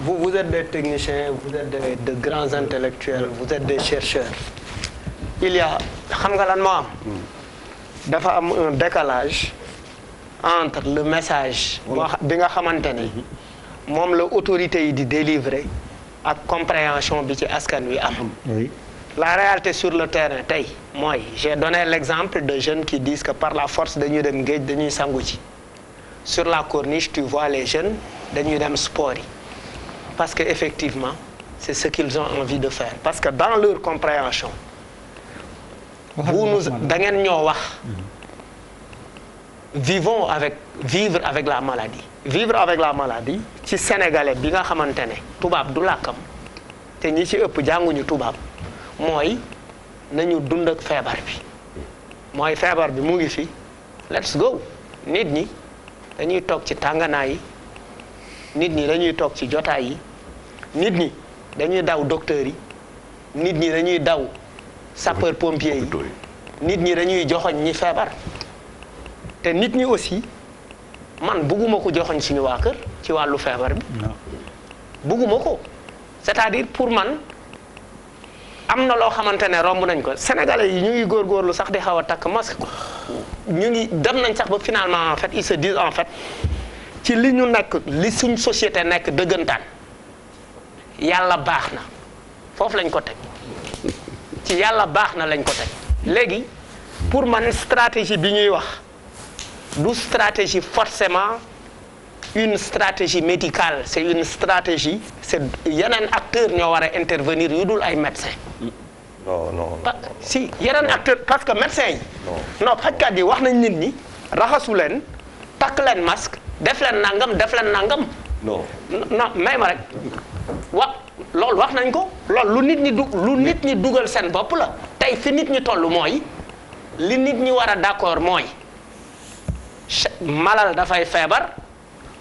vous vous êtes des techniciens des de grands intellectuels vous êtes des chercheurs il y a xam nga lan moo dafa am un décalage entre le message bi nga xamante ni mm-hmm. moom la autorité yi di délivrer ak compréhension bi ci askan wi am la réalité sur le terrain tey mooy j'ai donné l'exemple de jeunes qui disent que par la force dañuy dem géej dañuy sangu ci sur la corniche tu vois les jeunes dañuy dem sport yi parce que effectivement c'est ce qu'ils ont envie de faire parce que dans leur compréhension vous nous da ngeen ñoo wax vivons avec vivre avec la maladie vivre avec la maladie ci sénégalais bi nga xamante ne tubaab du làkkam te ñi ci ëpp jànguñu tubaab mooy nañu dund ak feebar bi mooy feebar bi mu ngi fi let's go nit ñi dañuy toog ci tànganaay yi nit ñi dañuy toog ci jotaay yi nit ñi dañuy daw docteurs yi nit ñi dañuy daw sapeur pompier yi nit ñi dañuy joxoñ ñi feebar te nit ñi aussi man bugguma ko joxoñ suñu waa kër ci wàllu feebar bi bugguma ko cest pour man am na loo xamante ne romb nañ ko sénégalais yi ñu ngi góorgóorlu sax di xaw a takk masque ñu ngi dem nañ sax ba finalement en fait ils se disent en fait ci li ñu nekk li suñ société nekk dëggantaan yàlla baax na foofu lañ ko teg ci yàlla baax na lañ ko teg léegi pour man stratégie bi ñuy wax du stratégie forcément une stratégie médicale c'est une stratégie c'est yeneen acteur ñoo war a intervenir yu dul ay médecin non non si parce que médecin yi non fajkat yi wax nañ nit ñi raxasu leen takk leen masque def leen nangam def leen nangam non non may ma rek wa loolu wax nañ ko lool lu nit ñi lu nit ñi dugal seen bopp la tey fi nit ñi toll mooy li nit ñi war a d'accord mooy malal dafay feebar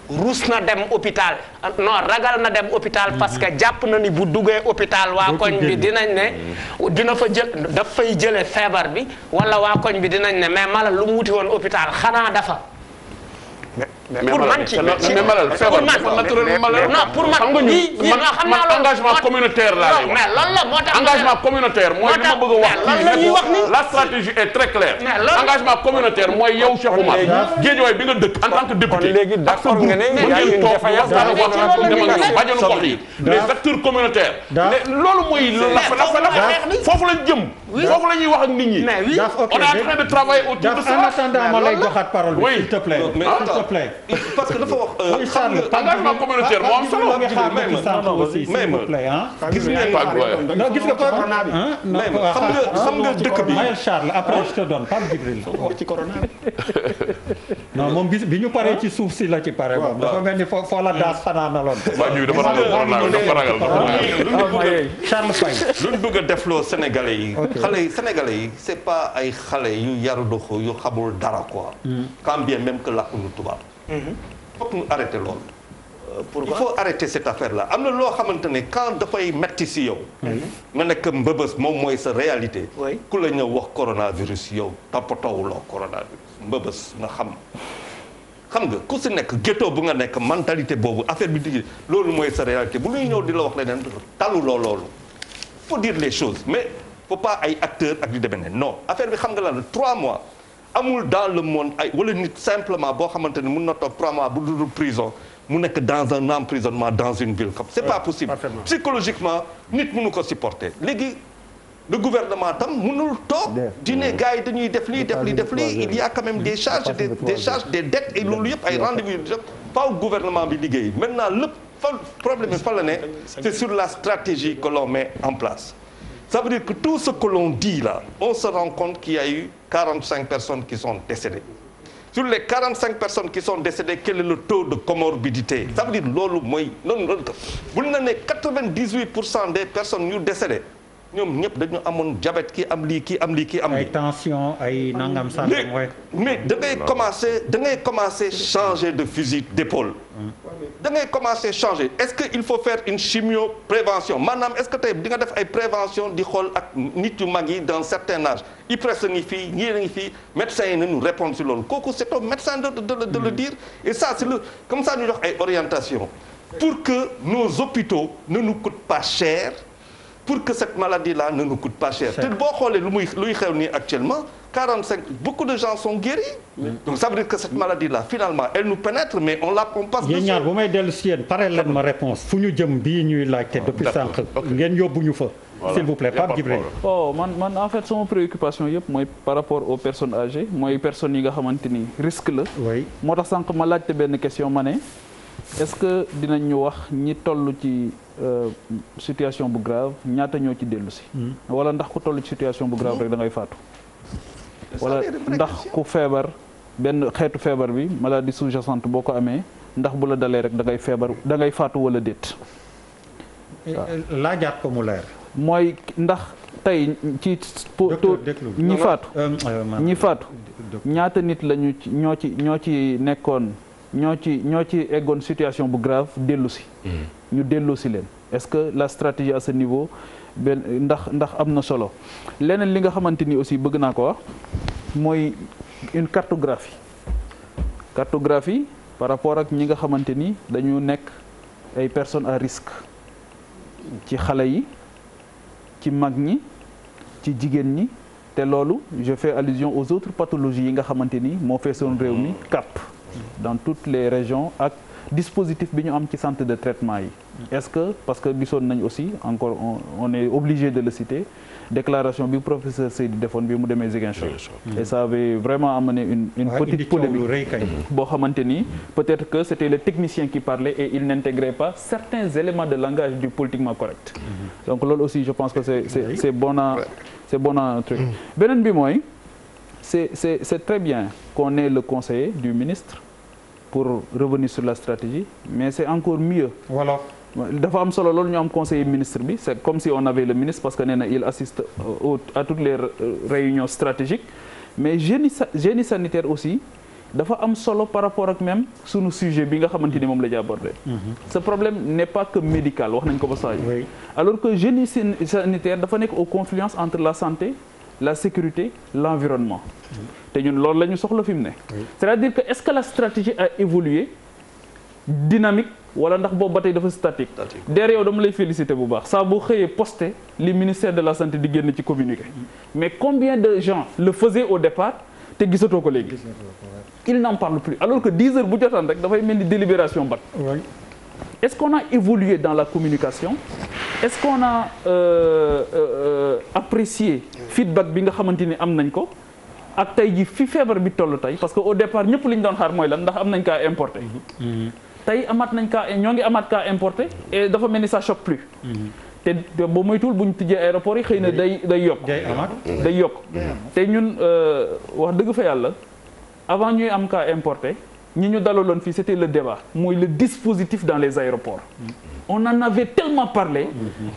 ruus na dem hôpital non ragal na dem hôpital mhm. parce que jàpp na ni bu duggee hôpital waa koñ bi dinañ ne mhm. dina fa jël daf fay jële feebar bi wala waa koñ bi dinañ ne mais mala lu mu wuti woon hôpital xanaa dafa
pour man ci mais malal na dafa naturel malal non pour
man lii lii
nga xam naa engagement communautaire laa moo tax engagement communautaire mooy li ma bëgg a wax lan la ñuy wax ni engagement communautaire mooy yow Cheikh Oumar Guédiawaye bi nga dëkk en tant que député léegi mën ngeen toog waxtaan ak ñoom bajanu gox yi les acteurs communautaires loolu mooy lafa lafa lafa foofu lañ jëm la ñuy wax ak nit ñi on autour de ça en attendant ma lay joxaat parole s'il te plaît s'il
te parce que dafa wax. engagement communautaire moo am solo. may ma gis ngeen non gis nga corona bi. xam nga xam nga dëkk bi. Mayel Charles après je te donne Pape Djibril wax ci corona bi. non moom bis bi ñu paree ah. ci suuf si la ci pare moom dafa mel ni foo foo la daas fanaanaloon. waa ñu dafa ragal dafa
ragal ah, ah, lu ñu bëgg a defloo Sénégalais yi. xale yi Sénégalais yi c'est pas ay xale yu yaru dox yu xamul dara ko hmm. quand bien même que làkkuñu tubaab. Hmm. fokk ñu arrêté loolu. Euh, pourquoi il faut arrêter cette affaire là am na loo xamante ne quand dafay metti si yow. Hmm. nga nekk mbëbës moom mooy sa réalité. ku la ñëw wax coronavirus yow toppatawuloo coronavirus. ba mbëbës nga xam xam nga ku si nekk ghetto bu nga nekk mentalité boobu affaire bi digg loolu mooy sa réalité bu luy ñëw di la wax leneen talu loo loolu faut dire les choses mais faut pas ay acteur ak di demee ne non affaire bi xam trois mois amul dans le monde ay wala nit simplement boo xamante ne mun na toog trois mois bu dul prison mu nekk dans un emprisonnement dans une ville comme c'est pas psychologiquement nit mënu ko supporter léegi le gouvernement tam mënul toog di gars yi dañuy def lii def lii def lii même des charges des des charges des yëpp ay bi liggéey maintenant lépp fa problème sur la stratégie que l'on met en tout ce que l'on dit là on se rend compte qu'il y a eu 45 personnes qui sont décédées sur les 45 personnes loolu mooy noonu loolu pour cent des personnes ñu décédées ñoom ñëpp dañu amoon jabet ki am lii kii am lii ki am lii.
ay tension ay nangam sànq.
mais da ngay commencer da ngay commencer changer de fusil d'épaule. da ngay commencer changer est-ce que il faut faire une chimio prévention maanaam est-ce que tey di nga def ay prévention di xool ak nit yu mag yi dans certain âge IPRES a ngi fii ñii a ngi fii médecins yi nañu répondre si loolu kooku c'est au médecin de de de le mm. dire et ça c'est le comme ça ñu jox ay orientation pour que nos hôpitaux ne nous coûtent pour que cette maladie-là ne nous coûte pas cher. te boo xoolee lu muy luy xew nii actuellement 45 beaucoup de gens sont guéris. donc ça veut dire que cette maladie-là finalement elle nous pénètre mais on la on passe. yéen ñaar
bu may dellu si pare leen ma réponse fu ñu jëm bii ñuy laajte ah, depuis sànq. ngeen yóbbu ñu fa. s'il vous plaît
oh, par rapport aux personnes âgées mooy personnes yi nga xamante ni risque la. moo tax sànq ma laajte benn question Euh, situation bu grave ñaata ñoo ci dellusi hmm. wala ndax ku toll ci situation bu grave rek da ngay faatu. wala ndax ku feebar benn xeetu feebar bi maladie sous-jacente boo ko amee ndax bu la dalee rek da ngay feebar da ngay faatu wala déet. Euh, ko mu leer. mooy ndax tey ci. docteur euh, ñi faatu ñi faatu ñaata nit lañu ñoo ci ñoo ci nekkoon. ñoo ci ñoo ci eggoon situation bu grave dellu si mm. ñu dellu si leen est-ce que la stratégie à ce niveau benn ndax ndax am na solo leneen li nga xamante ni aussi bëgg naa ko wax mooy une cartographie cartographie par rapport ak ñi nga xamante ni dañu nekk ay personnes à risque ci xale yi ci mag ñi ci jigéen ñi te loolu je fais allusion aux autres pathologies yi nga xamante ni moo feesoon réew mi kàpp mm. dans toutes les régions ak dispositif bi ñu am ci centre de traitement yi est-ce que parce que gisoon nañ aussi encore on, on est obligé de le citer déclaration bi professeur Seydi defoon bi mu demee Ziguinchor et ça avait vraiment amené une petite polémique boo xamante ni peut-être que c'était le technicien qui parlait et il n'intégrait pas certains éléments de langage du politiquement correct mhm. donc loolu aussi je pense que c'est c'est c'est bon à c'est beneen bi mooy c'est c'est c'est très bien qu'on ait le conseiller pour revenir sur la stratégie mais c'est encore mieux voilà dafa am solo loolu ñu am conseiller ministre bi c'est comme si on avait le ministre parce que nee na il assiste euh, à toutes les euh, réunions stratégiques mais génie sanitaire aussi dafa am solo par rapport ak même sunu sujet bi nga xamante ni moom la ñu abordé. Mhm. ce problème n'est pas que médical wax nañ ko ba saa alors que génie sanitaire dafa nekk au confluence entre la santé la sécurité l'environnement. mm te ñun loolu la ñu soxla fi mu ne. c'est-à-dire que est-ce que la stratégie a évolué dynamique wala ndax boobu ba tey dafa statique. der dama lay féliciter bu baax saa boo xëyee posté li ministère de la santé di génn ci communiqué. mais combien de gens le faisaient au départ te gisatoo ko léegi. il n'en parle plus alors que 10 heures bu jotaan rek dafay mel ni délibération bat. est-ce qu'on a évolué dans la communication est-ce qu'on a euh, euh, euh apprécié feedback bi nga xamante ni am nañ ko. ak tey ji fi feebar bi toll tey parce que au départ ñëpp li ñu doon xaar mooy lan ndax am nañ kaa importé mhm. tey amaat nañ kaa ñoo ngi amaat kaa importé et dafa mel ni ça choque plus mhm. te ba moytuwul bu ñu tijjee aéroport yi xëy na day day yokk day mhm. yokk te ñun euh, wax dëgg fa yàlla avant ñuy am kaa importé ñi ñu loon fii c'était le débat mooy le dispositif dans les aéroports on en avait tellement parlé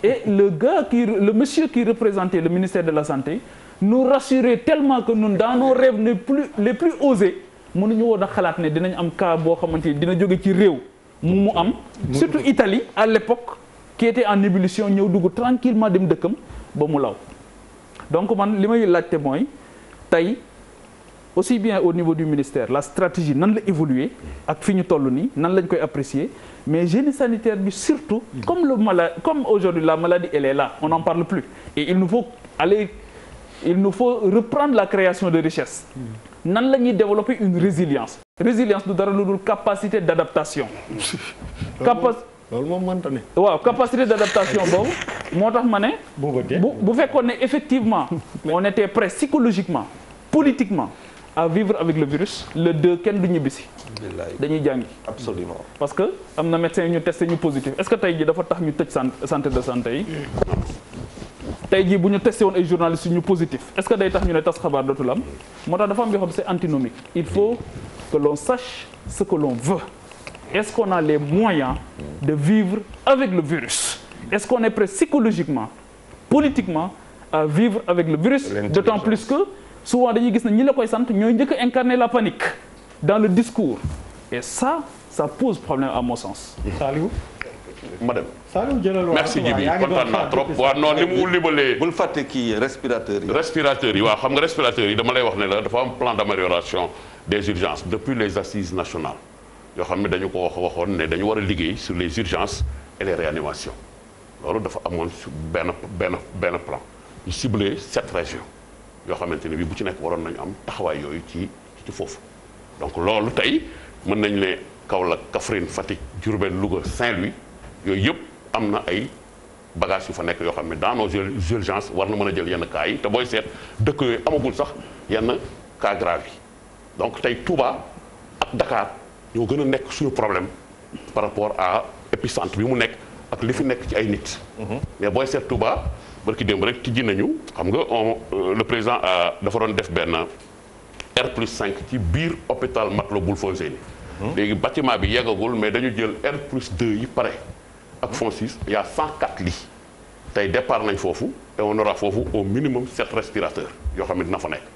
et le gars qui le monsieur qui représentait le ministère de la santé nous rassurer tellement que ñun dans nos rêves les plus les plus osés mënuñu woon xalaat ne dinañ am cas boo xamante ni dina jóge ci réew mu mu am surtout Italie à l'époque qui en ébullition ñëw dugg tranquillement dem dëkkam ba mu law donc man li may laajte mooy tey aussi bien au niveau du ministère la stratégie nan la évoluer ak fi ñu toll nii nan lañ koy apprécier mais génie sanitaire bi surtout comme le malade comme aujourd'hui la maladie elle est là on n'en parle plus et il nous il nous faut reprendre la création de richesse nan la ñuy développer une résilience résilience du dara lu dul capacité d'adaptation capa loolu moom mënta ne waaw capacité d'adaptation boobu moo tax ma ne bu bu fekkoon ne effectivement on était prêt psychologiquement politiquement à vivre avec le virus le deux kenn du ñibbisi dañuy jàngi absolument parce que am na médecin yu ñu testé ñu positif est-ce que tey ji dafa tax ñu tëj centre de santé yi eh. tey jii bu ñu testé woon ay journalistes yu ñu positif est-ce que day tax ñu ne tas xabaar dootul moo tax dafa am yoo xam c'est antinomique il faut que l'on sache ce que l'on veut est-ce qu'on a les moyens de vivre avec le virus est-ce qu'on est prêt psychologiquement politiquement à vivre avec le virus d'autant plus que souvent dañuy gis ne ñi la koy sant ñooy njëkk a incarner la panique dans le discours et ça ça pose problème à mon sens Saliou Saliou jëlal merci Djibi kontaan naa trop waaw non ni mu
libalee. bul fàtte kii respirateur yi. respirateur
yi waaw xam nga respirateur yi dama lay wax ne la dafa am plan d'amélioration des urgences depuis les assises nationales yoo xam ne dañu ko wax waxoon ne dañu war a liggéey sur les urgences et les réanimations loolu dafa amoon benn benn benn plan ñu ciblé sept régions yoo xamante ne bi bu ci nekk waroon nañu am taxawaay yooyu ci ci foofu donc loolu tey mën nañu ne Kaolack Kaffrine Fatick Diourbel Louga Saint-Louis yooyu yëpp. am na ay bagages yu fa nekk yoo xam ne dans nos urgences war na mën a jël yenn cas yi te booy seet dëkk yooyu amagul sax yenn cas grave yi donc tey Touba ak Dakar ñoo gën a nekk suñu problème par rapport à épicentre bi mu nekk ak li fi nekk ci ay nit. Mhm. mais booy seet Touba barki démb rek tijji nañu xam nga on euh, le président euh, dafa doon def benn R plus 5 ci biir hôpital Matlaboul Fawzeyni mhm. léegi bâtiment bi yeggagul mais dañu jël R plus 2 yi pare. ak fond 6 y' a 104 lits tey départ nañ foofu et on aura foofu au minimum 7 respirateurs yoo xam ne dina fa nekk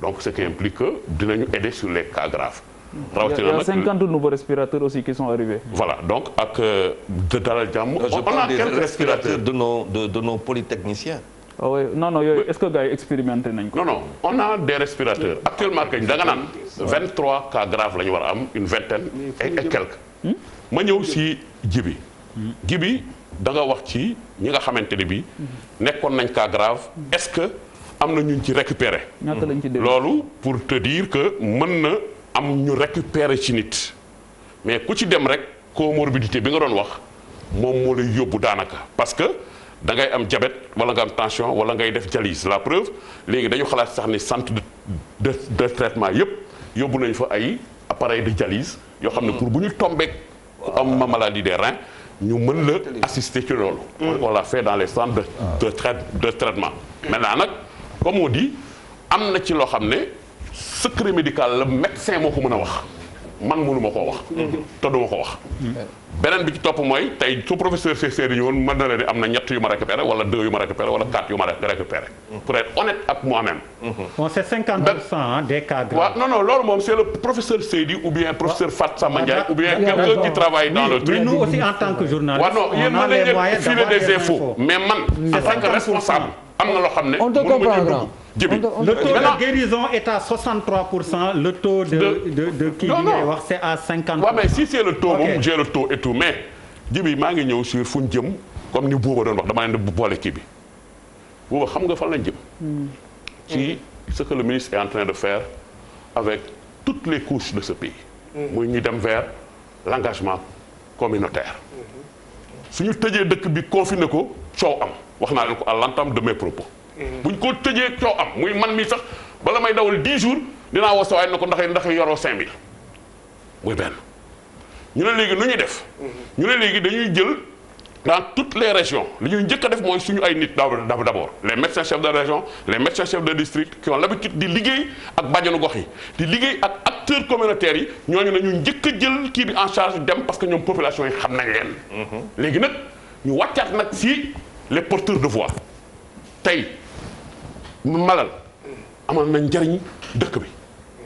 donc ce qui implique que dinañu aider sur les cas graves. rawatina
nag 50 nouveaux aussi qui sont arrivés.
voilà donc ak euh, dalal jàmm. on a quelques respirateurs respirateurs de
nos de de nos polytechniciens. Ah yooyu est-ce que gars yi ko. non
non on a des respirateurs actuellement kañ da nga naan 23 cas graves la ñu war a am une vingtaine et quelques. ma ñëw si ji bi. Gibi da nga wax ci ñi nga xamante ne bii. nekkoon nañ cas grave est-ce que am na ñu ci récupérer. ñaata lañ ci loolu pour te dire que mën na am ñu récupérer ci nit. mais ku ci dem rek comorbidité bi nga doon wax moom moo lay yóbbu daanaka parce que da ngay am diabète wala nga am tension wala ngay def dialyse la preuve léegi dañu xalaat sax ni centre de de traitement yépp yóbbu nañ fa ay appareil de dialyse yoo xam ne mm. pour bu ñu tombeek am ma maladie des reins ñu mën la assister ci loolu. on l'a fait dans les centres de de trai de traitement. maintenant nag comme on dit am na ci loo xam ne secret médical la médecin moo ko mën a wax. man mënuma koo wax te duma ko wax beneen bi ci topp mooy tey su professeur Cissé di ñëwoon mën na la ne am na ñett yu ma récupéré wala deux yu ma récupéré wala quatre yu ma récupéré pour être honnête ak moi-même bon c'est cinquante pour cent ou bien professeur Fat Samba ou bien quelqu'un qui travaille dans le truc nous aussi en tant que
journaliste waaw non yéen mën nañ leen filer des infos mais man en tant que responsable
am na loo xam ne Djibi le taux de
guérison est à 63 le taux kii bi ngay
à 50 waaw mais si le taux moom j'ai le taux et tout maa ngi ñëw sur fu ñu jëm comme ni Bouba doon wax dama leen boole kii bi Bouba xam nga fan la jëm hmm. ci ce que ministre est en de faire avec toutes les couches de ce pays hmm. muy ñu dem fer l'engagement communautaire hmm. suñu tëjee dëkk bi confiné ko coow am wax naa leen ko à l'entame de mes propos ñu ko tëjee coow am muy man mi sax bala may dawal 10 jours dinaa woo sawaay na ko ndax ndax yoroo 5000 muy benn ñu ne léegi nu ñuy def ñu ne léegi dañuy jël dans toutes les régions li ñuy njëkk def mooy suñu ay nit d'abord d'abord les médecins chefs de région les médecins chefs de district qui ont l'habitude di liggéey ak bàjjenu gox yi di liggéey ak acteurs communautaires yi ñoo ñu ne ñu njëkk jël kii bi en charge dem parce que ñoom population yi xam nañ leen mm-hmm. léegi nag ñu wàccaat nag si les porteurs de voix malal amal na njariñ dëkk bi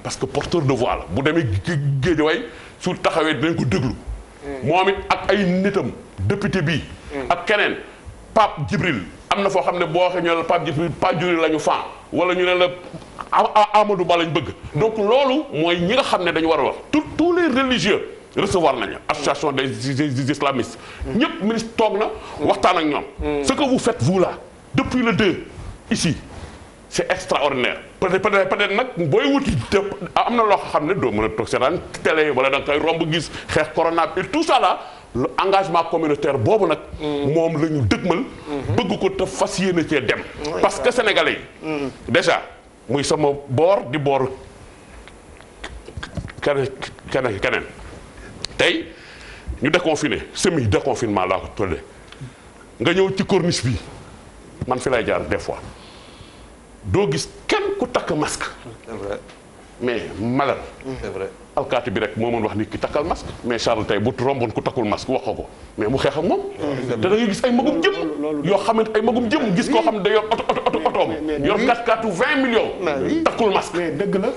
parce que porteur de voix la bu demee Géejawaay su taxawee dinañ ko déglu moom it ak ay nitam député bi ak keneen Pape Djibril am na foo xam ne boo waxee ñu ne la Pape Djibril Pape Djibril la ñu fan wala ñu ne la Amadou Ba lañ bëgg donc loolu mooy ñi nga xam ne dañu war a wax tout tous les religieux recevoir nañu association des islamistes ñëpp ministre toog na waxtaan ak ñoom hmm. ce que vous depuis le 2 ici c'est extraordinaire peut-être peut-être peut-être nag booy wuti te am na loo xam ne doo mën a toog seetaan télé wala da nga koy romb gis xeex corona et tout ça là engagement communautaire boobu nag. moom la ñu dëgmal. bëgg ko te fas yéene cee dem. parce que sénégalais yi. Mm. déjà muy sama boor di boor keneen keneen keneen tey ñu déconfiné semi déconfinement laa ko tollee nga ñëw ci corniche bi man fi lay jaar des fois. doo gis ku takk masque. c'est vrai mais malal. c'est vrai. alkaati bi rek moo mën wax nit ki takkal masque mais Charles tey bu romboon ku takkul masque wax ko ko mais mu xeex moom. Mm-hmm. te da gis ay magum jëm. yoo xamante ay magum jëm xam da yor oto oto otoom. yor 4 4 20 millions. takkul masque. mais dëgg la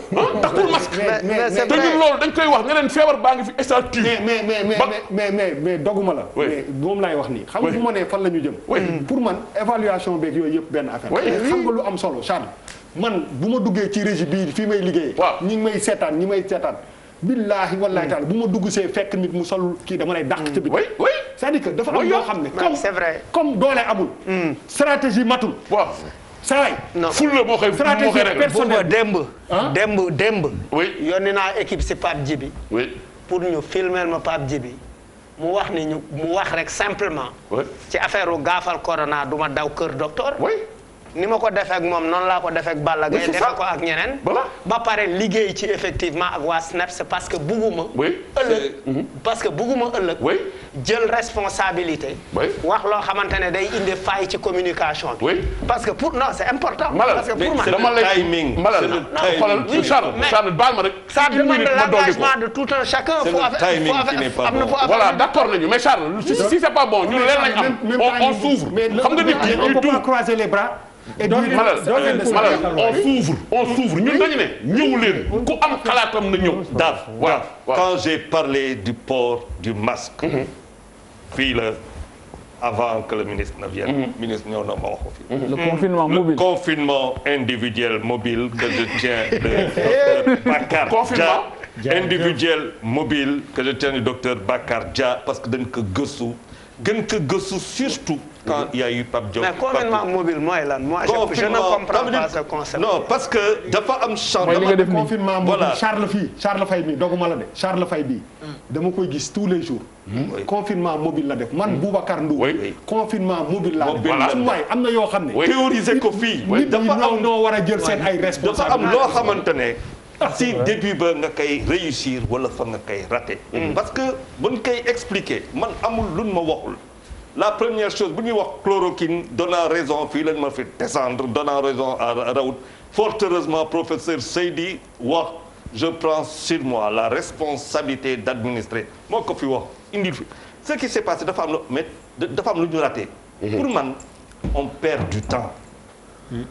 ah, mais koy wax nga leen feebar baa ngi fi statut. mais mais
mais mais mais mais doguma la. mais moom laay wax nii. xam nga bu ma nee fan la ñu jëm. pour man évaluation beeg yooyu yëpp benn affaire. xam nga lu am solo Charles man bu ma duggee ci régie bii fii may liggéey. waaw ñi may seetaan ñi may seetaan billaahi wallaahi mm. taala bu ma dugg see fekk nit mu sol kii dama lay dàq ci bi oui oui c'est-à-dire dafa am yoo xam ne comme c'est
vrai comme doole amul mm. stratégie matul waaw saay ful la boo xëy stratégie personnelle démb ah? demb demb oui yónni naa équipe si Pape Djibi oui pour ñu filmer ma Pape bi mu wax ni ñu mu wax rek simplement ci affaire u gaafal corona duma daw kër doctor oui ni ma ko defee ak moom noonu laa ko defee ak Balla Gaye defe ko ak ñeneen ba pare liggéey ci effectivement ak waa SNEPS mhm. parce que bugguma ëllëg parce que buguma ëllëg jël responsabilité wax loo xamante ne day indi faille ci communication bi parce que pour non c'est important parce que pour man dama lay timing xoolal Charles Charles baal ma
rek ça demande l'engagement de
am na faut nañu mais Charles si c'est pas bon ñun leen lañ am
on s'ouvre
xam nga nit ñi on croiser les bras
donc on s'ouvre
on s'ouvre ñun dañu ne ñëw leen ku am xalaatam na ñëw
daal waaw quand j'ai parlé du port du masque mhm. fii la avant que le ministre ne vienne mhm. ministre ñëw na ma wax ko fii mhm. le confinement mobile le confinement individuel mobile que je tiens de Bakar Dia individuel mobile que je tiens du docteur Bakar Dia parce que dañ ko gëstu gën ko gëstu surtout. quand il y a eu Pape Diop. mais confinement mobile mooy lan. moi je ne comprends pas ce concept. non parce que dafa am char. mooy li nga def nii confinement mobile
Charles fii Charles Faye mii doguma la de Charles Faye bii. Hmm. dama koy gis tous les jours. Hmm. confinement mobile la def man hmm. Boubacar Ndour. confinement mobile la def suñu waay
am na yoo xam ne. théoriser ko fii. dafa am nit ñi ñoo war a jël seen ay responsabilités. dafa am loo xamante ne. si début ba nga kay réussir wala fa nga kay raté. Mm. parce que buñ koy expliquer man amul lu ma waxul. la première chose bu ñuy wax chloroquine donnant raison fii lañ ma fi descendre donnant raison à Raoult fort heureusement professeur Seydi je prends sur moi la responsabilité d'administrer moo ko fi wax fi ce qui s'est passé dafa am lu mais dafa am lu ñu raté. Mm-hmm. pour man on perd du temps. Mm.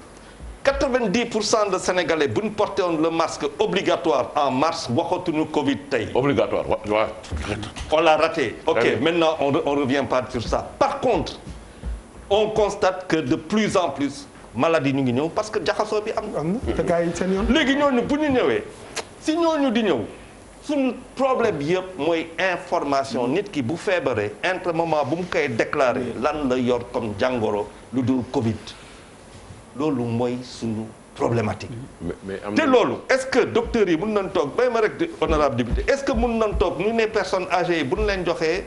90 pour cent de Sénégalais bu ñu porté woon le masque obligatoire en mars waxatuñu Covid tey. obligatoire waaw on l'a rate ok maintenant on on revient pas sur ça. par contre on constate que de plus en plus maladie ñu ngi ñëw parce que jaxasoo bi am. am na te gars yi seen yoon. léegi ñooñu bu ñu ñëwee si ñooñu di ñëw. suñu problème yëpp mooy information nit ki bu feebaree entre moment bu mu koy déclarer lan la yor comme jàngoro lu dul Covid. loolu mooy suñu problématique. te loolu est-ce que docteurs yi mun nañ toog bay ma rek di honorable député est-ce que mun nañ toog ñu ne personnes âgées yi bu ñu leen joxee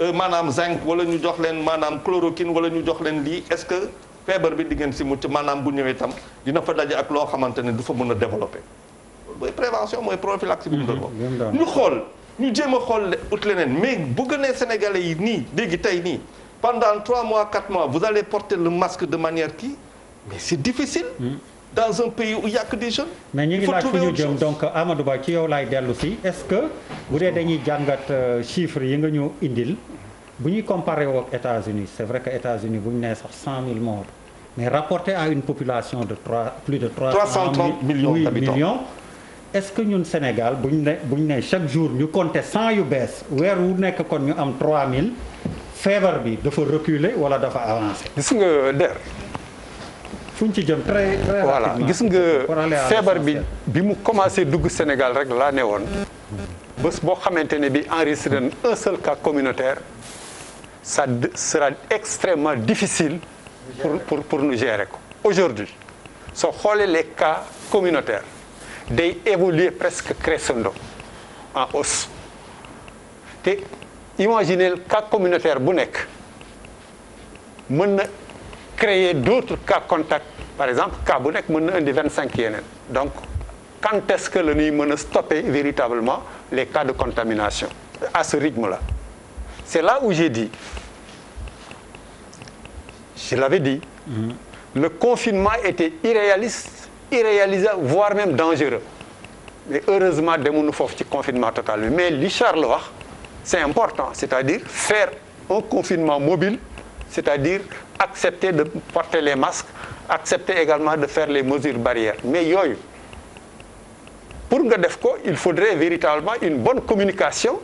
euh, maanaam zinc wala ñu jox leen maanaam chloroquine wala ñu jox leen lii est-ce que feebar bi di ngeen si mucc maanaam bu ñëwee tam dina fa daje ak loo xamante ne du fa mun a développer mooy prévention mooy prophylaxie bi mu doon wax ñu xool ñu jéem a xool ut leneen mais bu gënee sénégalais yi nii léegi tey nii pendant trois mois quatre mois vous allez porter le masque de manière qui mais c'est difficile. Hmm. dans un pays où il y a mais ñu ngi laaj fu ñu jëm
donc Amadou Ba ci yow laay dellu si est-ce que bu dee dañuy jàngat euh, chiffres yi nga ñu indil bu ñuy comparé woo ak États-Unis c'est vrai que États-Unis bu ñu nee sax 100000 morts mais rapporté à une population de 3 plus de 300 330 millions d'habitants millions est-ce que ñun Sénégal bu ñu ne bu ñu ne chaque jour ñu compter 100 yu bees weer wu nekk kon ñu am 3000 feebar bi dafa reculer wala dafa avancer. gis nga DER. fu ci jëm voilà gis nga feebar bi
bi mu commencé dugg Sénégal rek laa ne woon bés boo xamante ne bi enregistré un seul cas communautaire ça sera extrêmement difficile pour pour pour nous gérer ko aujourd'hui soo xoolee les cas communautaires day évoluer presque crescendo en hausse te imaginez cas communautaire bu nekk mën na créer d'autres cas contacts par exemple cas bu nekk mën na indi vingt cinq yeneen donc quand est-ce que la nuy mën a stopper véritablement les cas de contamination à ce rythme-là c'est là où j'ai dit je l'avais dit mmh. le confinement était irréaliste irréalisable voire même dangereux mais heureusement demuñu foofu ci confinement total bi mais li Charles wax c'est important c'est-à-dire faire un confinement mobile c'est-à-dire accepter de porter les masques accepter également de faire les mesures barrières mais yooyu pour nga def ko il faudrait véritablement une bonne communication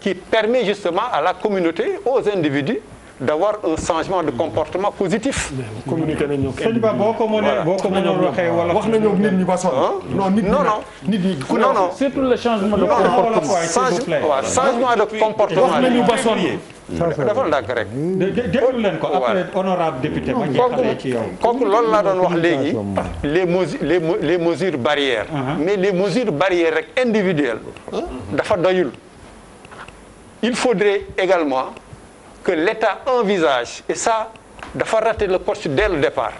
qui permet justement à la communauté aux individus d'avoir un changement de comportement positif. communiqué nañ ñoo kenn boo ko mënee boo ko mënoon waxee wala wax nañoo nit ñi ba sonn. non nit ñi nit ñi ku ne surtout le changement de comportement. waaw changement de comportement wax nañu ba sonn. dafa ndànk
rek. déglu leen ko après honorable député ma jeexalee ci yow. kooku loolu laa doon wax léegi les mesures
les les mesures barrières. Uh-huh. mais les mesures barrières rek individuelles. dafa doyul. il faudrait également. que l'État envisage et ça dafa raté le coche dès le départ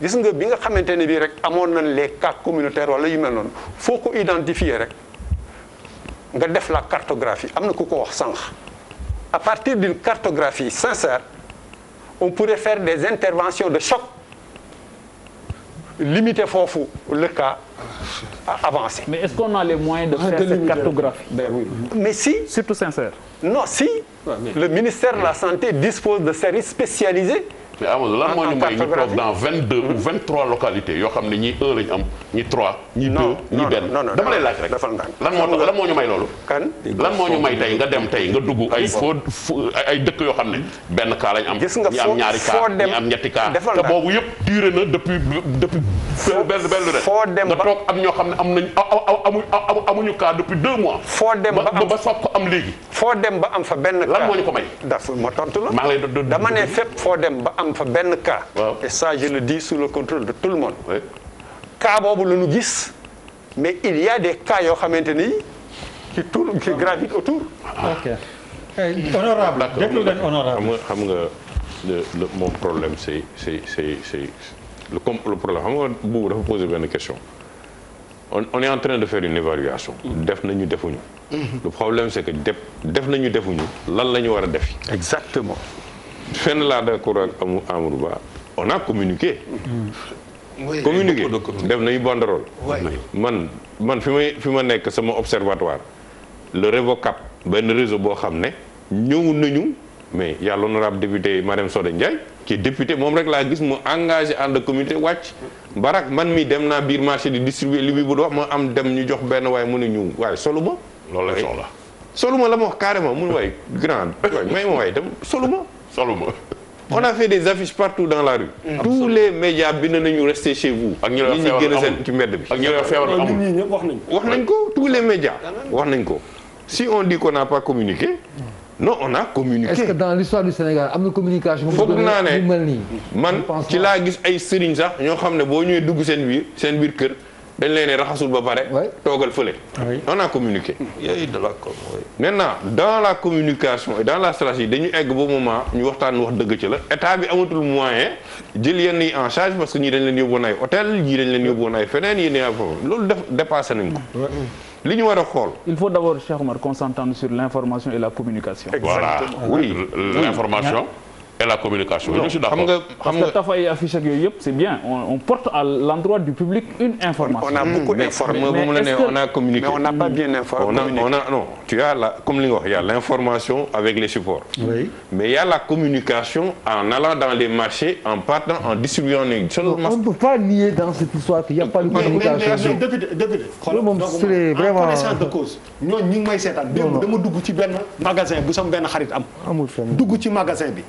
gis nga bi nga xamante ne bii rek amoon nañ les cartes communautaires wala yu mel noonu foo ko identifier rek nga def la cartographie am na ku ko wax sànq à partir d'une cartographie sincère on pourrait faire des interventions de choc limiter foofu le cas avancé. mais est-ce qu'on a les moyens de ah, faire cette cartographie mais si. surtout sincère. non si. le ministère de la santé dispose de services
spécialisés. mais Amadou lan moo ñu may ñu toog dans vingt deux vingt trois localités yoo xam ne ñii un lañu am ñii trois. ñii deux ñii benn dama lay laaj rek. lan moo lan moo ñu may loolu. kan lan moo ñu may tey nga dem tey nga dugg ay foo ay dëkk yoo xam ne benn cas lañ am. gis nga foo foo ñi am ñetti cas te boobu yëpp duré na depuis depuis. benn benn ren foo nga toog am ñoo xam ne am nañ amuñu cas depuis deux mois. ba ba soog ko am léegi. foo dem ba am fa benn cas lan moo ñu ko may. maa ngi lay dama ne fépp
foo am fa benn cas. et ça je le dis sous le contrôle de tout le monde. cas boobu lañu gis mais il y a des cas yoo xamante ni qui tournent qui gravitent
autour. ok eh,
honorable déglu leen honorable xam nga le moom problème c'est c'est c'est c'est le le problème xam nga boobu benn question. on on de faire une évaluation. def nañu defuñu. Mm-hmm. le problème c'est que def def nañu defuñu lan la ñu war a def. exactement. fenn laa d'accord ak Amadou Ba on a communiqué.
Mm. communiqué
def nañu banderole. man man fi may fi ma nekk sama observatoire le Revocap benn réseau boo xam ne ñëw nañu mais y a l'honorable député Marème Sodé Ndiaye qui est député moom rek laa gis mu engagé ànd communauté wàcc. barak man mi dem naa biir marché di distribuer li bi wax ma am dem ñu jox benn waaye mu ne ñu waaye solu ma. loolu la ma la ma wax carrément mun waaye grand may ma waaye dem solu soluma on a fait des affiches partout dans la rue. Mmh. tous les médias bind nañu resté chez vous. ak ñu génn seen ci mbedd bi. ak ñi feebar amul
nit wax nañ ko.
wax nañ
ko tous les médias. wax nañ ko si on dit qu'on n'a pas communiqué. non on a communiqué.
est-ce que dans l'histoire du Sénégal am na communication. foog naa ne
man ci laa gis ay sëriñ sax ñoo xam ne boo ñëwee dugg seen biir seen biir kër. dañu leen ne raxasul ba pare. toogal fële. on a communiqué. yooyu de dans la communication et dans la stratégie dañu egg ba moment ñu waxtaan wax dëgg ci la état bi amatul moyen jël yenn yi en charge parce que ñii dañ leen yóbbuwoon ay hôtel ñii dañ leen yóbbuwoon ay feneen yéen ay foofu loolu def dépassé nañ ko.
li ñu war a xool. il faut d'abord Cheikh Omar concentrer sur l'information et la communication. Exactement. voilà oui l'information.
et la communication.
je suis d'accord
xam yëpp c'est bien on, on porte à l'endroit du public une information. on a beaucoup informé on
a communiqué. mais on n'a pas mm. bien informé. non tu as a l'information avec les supports. mais y a la communication en allant dans les marchés en partant en distribuant les.
on ne peut pas nier dans cette histoire qu'il y a pas de communication.
mais mais
moom ñu ngi may seetaan.
dama dugg ci benn magasin bu sama benn xarit am. amul fenn dugg ci magasin bi.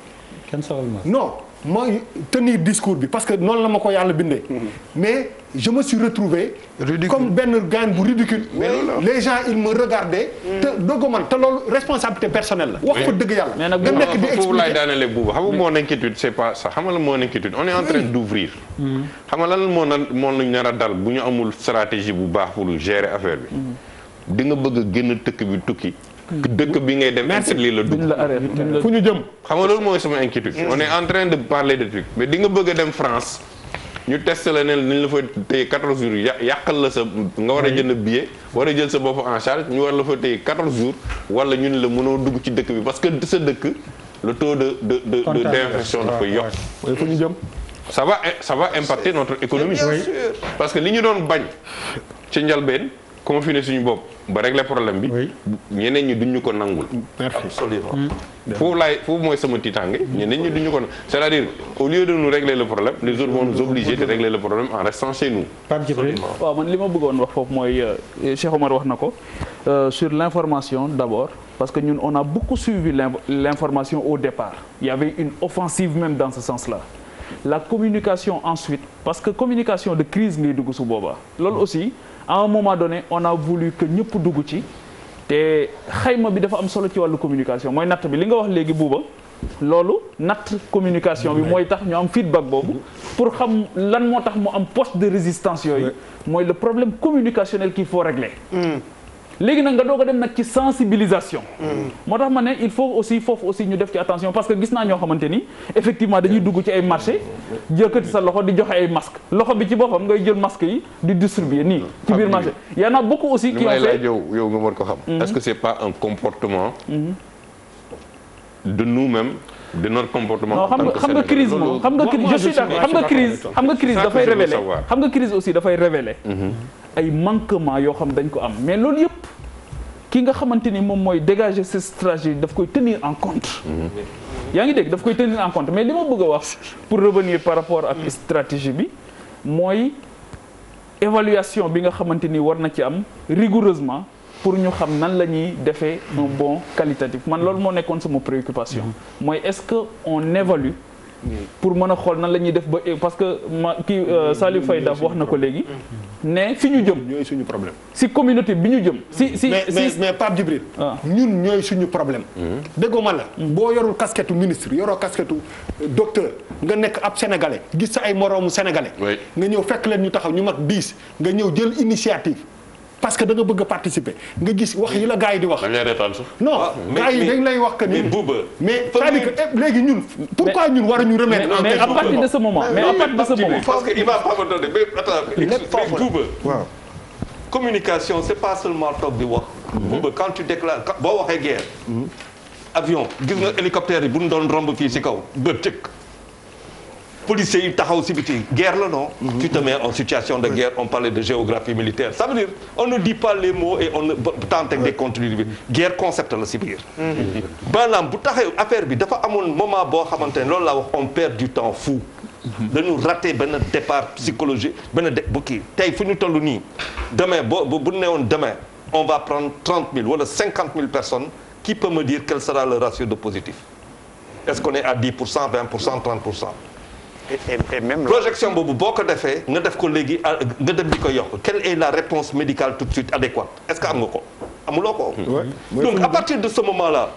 kenn solal ma non ma tenir discours bi parce que noonu la ma ko yàlla bindee. Mhm. mais je me suis retrouvé ridicule. comme benn gaan bu ridicule mais les gens ils mhm. te doog man te loolu responsabilité personnelle la. wax ko dëgg yàlla. mais nag bu ma foofu laay daanalee
buuba xam nga mon inquiétude c' est pas ça xam nga lan on est en train d' ouvrir. Mhm. xam moo nan moo ñu nar a bu ñu amul stratégie bu baax pour gérer affaire bi. di nga bëgg génn tëkk bi tukki. dëkk bi ngay dem. merci lii la dugg fu ñu jëm. xam nga loolu mooy sama inquiétude. on est en train de parler de trucs mais di nga bëgg a dem France ñu test la ne nañ la fa téye 14 jours yà yàqal la sa nga war a jënd billet. war a jël sa bopp en charge ñu war la fa téye 14 jours wala ñun la mënoo dugg ci dëkk bi parce que sa dëkk le taux de de de de d'infection dafa yokk. waaw fu ñu jëm. ça va ça va impacter notre économie. parce que li ñu doon bañ ci njalbeen confiné suñu bopp. ba régler problème bi. ñeneen ñi duñ ñu ko nangul. absolument hmm. foofu laay foofu mooy sama tiitaange. ñeneen ñi duñ ñu ko nangul c'est-à-dire au lieu de nous régler le problème les autres vont nous obliger de régler le problème en restant chez nous.
waaw man li ma bëggoon wax foofu mooy euh, Cheikh Omar wax na ko euh, sur l'information d'abord parce que ñun on a beaucoup suivi l'information au départ il y avait une offensive même dans la communication ensuite parce que communication de crise ngay dugg su booba loolu aussi. à un moment donné on a voulu que ñëpp dugg ci te xayma bi dafa am solo ci wàllu communication mooy natt bi li nga wax léegi buuba loolu natt communication bi mooy tax ñu am feedback boobu pour xam lan moo tax mu am poste de résistance yooyu mooy le problème communicationnel qu'il faut régler hmm. léegi nag nga doog a dem nag ci sensibilisation. moo tax ma ne il faut aussi foofu aussi ñu def ci attention parce que gis naa ñoo xamante ni effectivement dañuy dugg ci ay marché jëkkati sa loxo di joxe ay masque loxo bi ci boppam ngay jël masque yi di distribuer nii. ci biir marché y en a beaucoup aussi. qui ont fait
yow yow nga ko xam. Mhm. est-ce que c'est pas un comportement. de nous-mêmes. de notre comportement. non xam nga xam nga crise moom xam nga je suis d'accord xam nga crise xam nga crise dafay révéler
xam nga crise aussi dafay révéler mhm. ay manquement yoo xam dañ ko am mais loolu yëpp ki nga xamante ni moom mooy dégager ses stratégies daf koy tenir en compte mhm. yaa ngi dégg daf koy tenir en compte mais li ma bëgg a wax pour revenir par rapport ak stratégie bi mooy évaluation bi nga xamante ni war na ci am rigoureusement pour ñu xam nan la ñuy defee un mm. bon qualitatif man loolu moo nekkoon sama préoccupation mm. mooy est-ce que on évalue pour mën a xool nan la ñuy def ba parce que ma kii euh, Salif Faye daf wax na ko léegi mm. ne fi ñu jëm ñooy suñu problème si communauté bi ñu jëm si si mais mais Pape Djibril ah.
ñun ñooy suñu problème déggoo ma la boo yorul casquette ministre yoroo casquette euh, docteur nga nekk ab sénégalais gis sa ay moroomu sénégalais nga ñëw fekk leen ñu taxaw ñu mag diis nga ñëw jël initiative parce que da nga bëgg a participer nga gis wax yi la gars yi di wax. non ah, gars yi dañ lay wax que ni. mais buuba mais c'est-à-dire que eh, léegi ñun. pourquoi ñun waruñu remettre. en question mais à partir de ce moment. mais à partir de ce moment. parce que
il va pas me donner mais attends mais buuba. waaw communication c'est pas seulement toog di wax. Mhm. buuba quand tu déclares boo waxee guerre. Mhm. avion gis nga hélicoptère yi bu ñu doon romb fii si kaw ba tëkk. policiers yi taxaw si biti guerre la non mhm. tu te mets en situation de guerre on parlait de géographie militaire ça veut dire on ne dit pas les mots et on tente ak des concept la si biir mhm. bu taxee affaire bi dafa amoon moment boo xamante ne loolu laa wax on perd du temps fou mhm. dañu raté benn départ psychologique benn de bu kii tey fu ñu toll nii demain boo bu newoon demain on va prendre trente mille wala cinquante mille personnes qui peut me dire quel sera le ratio de positif est-ce qu'on est pour cent vingt pour cent et même projection boobu boo ko defee nga def ko léegi ah, nga dem di ko yokk quelle est la réponse médicale tout de suite adéquate est-ce que am nga ko amuloo ko donc à partir de ce moment là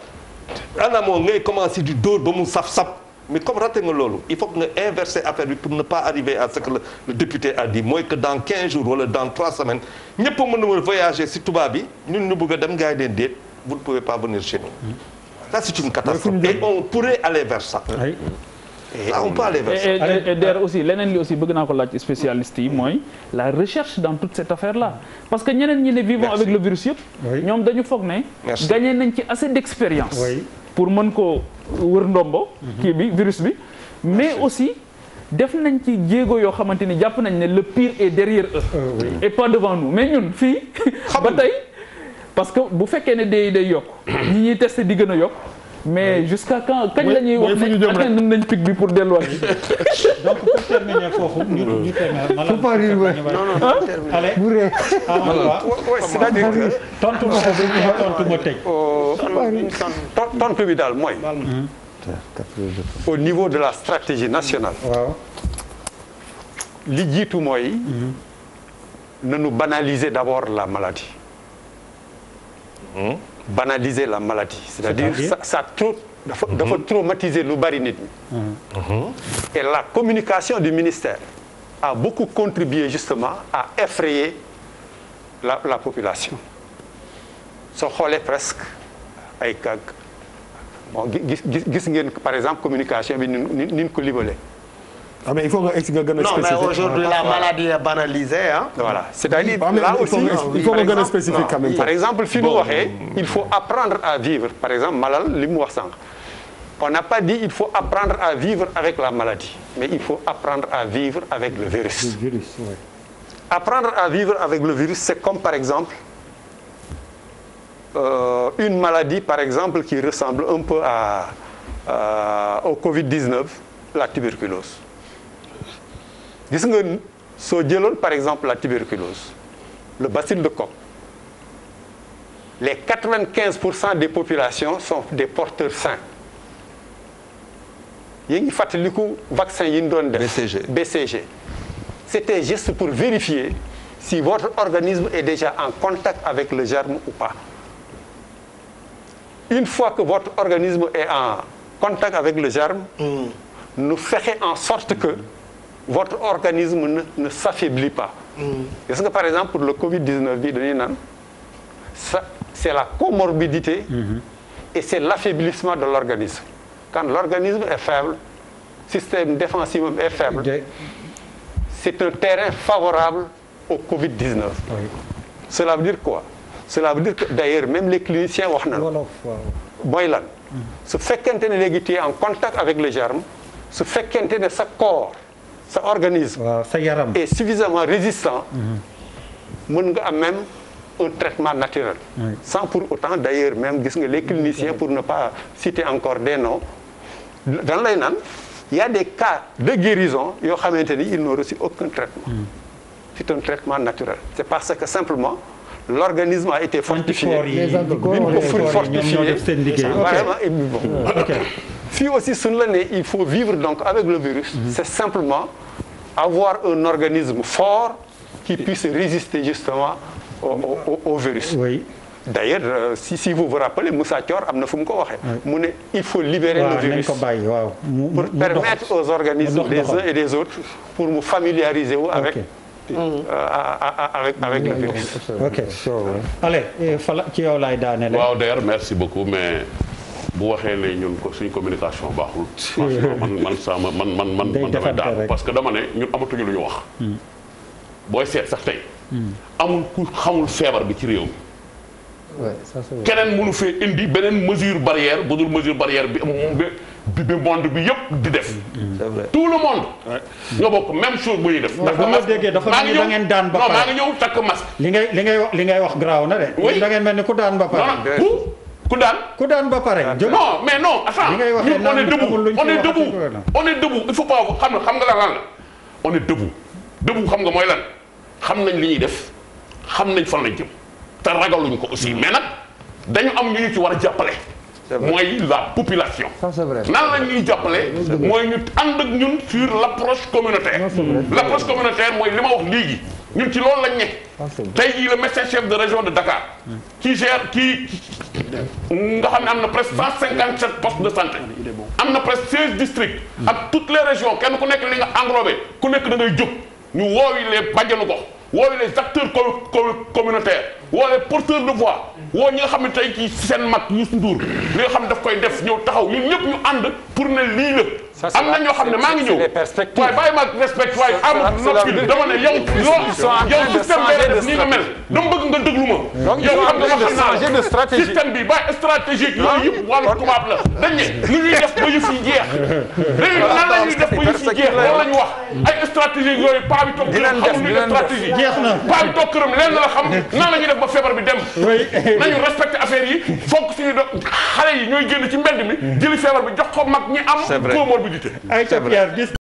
anamoo ngay commencer di dóor ba mu saf-saf mais comme raté nga loolu il faut que nga inverser affaire bi pour ne pas arriver à ce que le député a dit mooy que dans 15 jours wala dans 3 semaines ñëpp a mën voyager si tubaab bi ñun ñu bëgg a dem gars yi leen déet vous ne pouvez pas venir on pourrait aller vers ça ah on
aussi leneen li aussi bëgg naa ko laaj spécialiste yi mooy la recherche dans toute cette affaire là parce que ñeneen ñi ne vivons avec le virus yëpp. ñoom dañu foog ne. gagné nañ ci assez d'expérience. pour mën koo wër ndombo. Mhm. kii bi virus bi. mais aussi def nañ ci jéego yoo xamante ni jàpp nañ ne le pire est derrière eux. Euh, et pas devant nous mais ñun fii. ba tey parce que bu fekkee ne day day yokk. ñi ñuy testé di gën a yokk. mais jusqu'à quand kañ la ñuy wax ne atteindre nañ pic bi pour delluwaat
c'est-à-dire que tontu ma ko tontu ma tëj.
Euh, tontu bi daal mooy. Hmm. au niveau de la stratégie nationale. Hmm. waaw. li jiitu mooy. Hmm. nanu banaliser d'abord la maladie. banaliser la maladie. c'est-à-dire ça ça trop dafa mhm. dafa traumatiser lu bari nit ñi. Mhm. et la communication du ministère a beaucoup contribué justement à effrayer la la population soo xoolee presque ay kàgg bon gis gis ngeen par exemple communication bi ni ni ko libalee. ah mais il faut a. Ah, spécifique non mais aujourd'hui a
spécifique quand même. par
waxee il faut apprendre vivre par exemple malal li mu wax sànq. on n'a pas dit il faut apprendre à vivre avec la mais il faut apprendre à vivre avec le virus. Le virus à vivre avec le virus c'est comme euh, maladie par exemple qui ressemble un peu à euh, au Covid-19 la gis nga soo jëloon par exemple la tuberculose le bacille de Koch les quatre-vingt-quinze pour cent des populations sont des porteurs sains yéen ngi fàttaliku vaccin yi ñu doon def. BCG BCG. c'était juste pour vérifier si votre organisme est déjà en contact avec le germe ou pas une fois que votre organisme est en contact avec le germe. Mm. nous fexe en sorte que. votre organisme ne ne s'affaiblit pas. Mm. est-ce que par exemple le covid bi dañuy naan ça c'est la comorbidité. Mm-hmm. et c'est l'affaiblissement de l'organisme. quand l'organisme est faible système défensif est faible. c'est un terrain favorable au Covid-19. Oui. cela veut dire quoi cela veut dire que d'ailleurs même les cliniciens wax nañu. mooy lan. Mm-hmm. su fekkente ne léegi tu en contact avec le germe su fekkente ne sa sa organise sa yaram est suffisamment résistant mën nga am même un traitement naturel sans pour autant d'ailleurs même gis nga les cliniciens pour ne pas citer encore des noms dan lay naan ya des cas de guérison yoo xamante ni ils n'ont reçu aucun traitement mm. c'est un traitement naturel c'est parce que simplement l'organisme a été fortifié bi ñu ko fortifié vraiment bon si aussi suñu la ne il faut vivre donc avec le virus mhm. c'est simplement avoir un organisme fort qui puisse résister justement au, virus d'ailleurs euh, si si vous vous rappelez Moussa Thior am na fu mu ko waxee mu ne il faut libérer wow, le virus wow. pour permettre aux organismes des uns et des autres pour mu familiariser wu avec okay. Euh, le virus. ok
euh, ci yow laay daane.
merci beaucoup mais. bu waxee ne ñun ko suñ communication baaxul. man man sama man man man man damay daal parce que dama ne ñun amatuñu lu ñu wax. Hmm. booy seet sax tey. Hmm. amul ku xamul feebar bi ci réew mi. keneen mënu fee indi beneen mesure barrière bu dul mesure barrière bi moom bi bi bi yëpp di def. Hmm. tout le monde. nga bokk même chose bu ñuy def. takk masque maa ngi ñëw daan ba pare non maa ngi ñëw takk masque.
li ngay li ngay wax li ngay wax garaaw na de. da ngeen mel ni ku daan ba pare. ku daan. ku daan ba pare. non mais non. attends ñun on est debout on est debout
on est debout il faut pas xam nga xam nga lan la on est debout debout xam nga mooy lan xam nañ li ñuy def xam nañ fan lañ jëm te ragaluñ ko aussi hmm. mais nag dañu am ñu ñu ci war a jàppale. mooy la population.
ça c'est vrai nan
la ñuy jàppale. mooy ñu ànd ak ñun sur l' communautaire. l' communautaire mooy li ma wax léegi ñun ci loolu lañ nekk. tey jii le médecin chef de région de Dakar. Hmm. qui gère qui nga xam ne am na presque 157 postes de santé. am na presque 16 districts. ak toutes les régions kenn ku nekk li nga englobé ku nekk da ngay jóg ñu woowi les bàjjenu ko woo les acteurs communautaires woo les porteur de voix woo ñi nga xam ne tey ci seen mat Youssou Ndour li nga xam ne daf koy def ñëw taxaw ñu ñëpp ñu ànd pour ne lii la am na ñoo xam ne maa ngi ñëw waaye bàyyi ma respect waaye am noppi dama ne yow yow système bee def nii nga mel dama bëgg nga déglu ma yow am nga xam naa système bi bàyyi stratégie yooyu yëpp wàllu tubaab la dañ ne li ñuy def ba yëf yi jeex dañu nan la ñuy def ba yëf yi jeex loolu la ñu wax ay stratégie yooyu paa bi toog këram xamuñu ne stratégie paa bi toog këram leen la xam nan la ñuy def ba feebar bi dem nañu respecté affaire yi foog suñu xale yi ñooy génn ci mbedd mi jëli feebar bi jox ko mag ñi am mobilité.
ay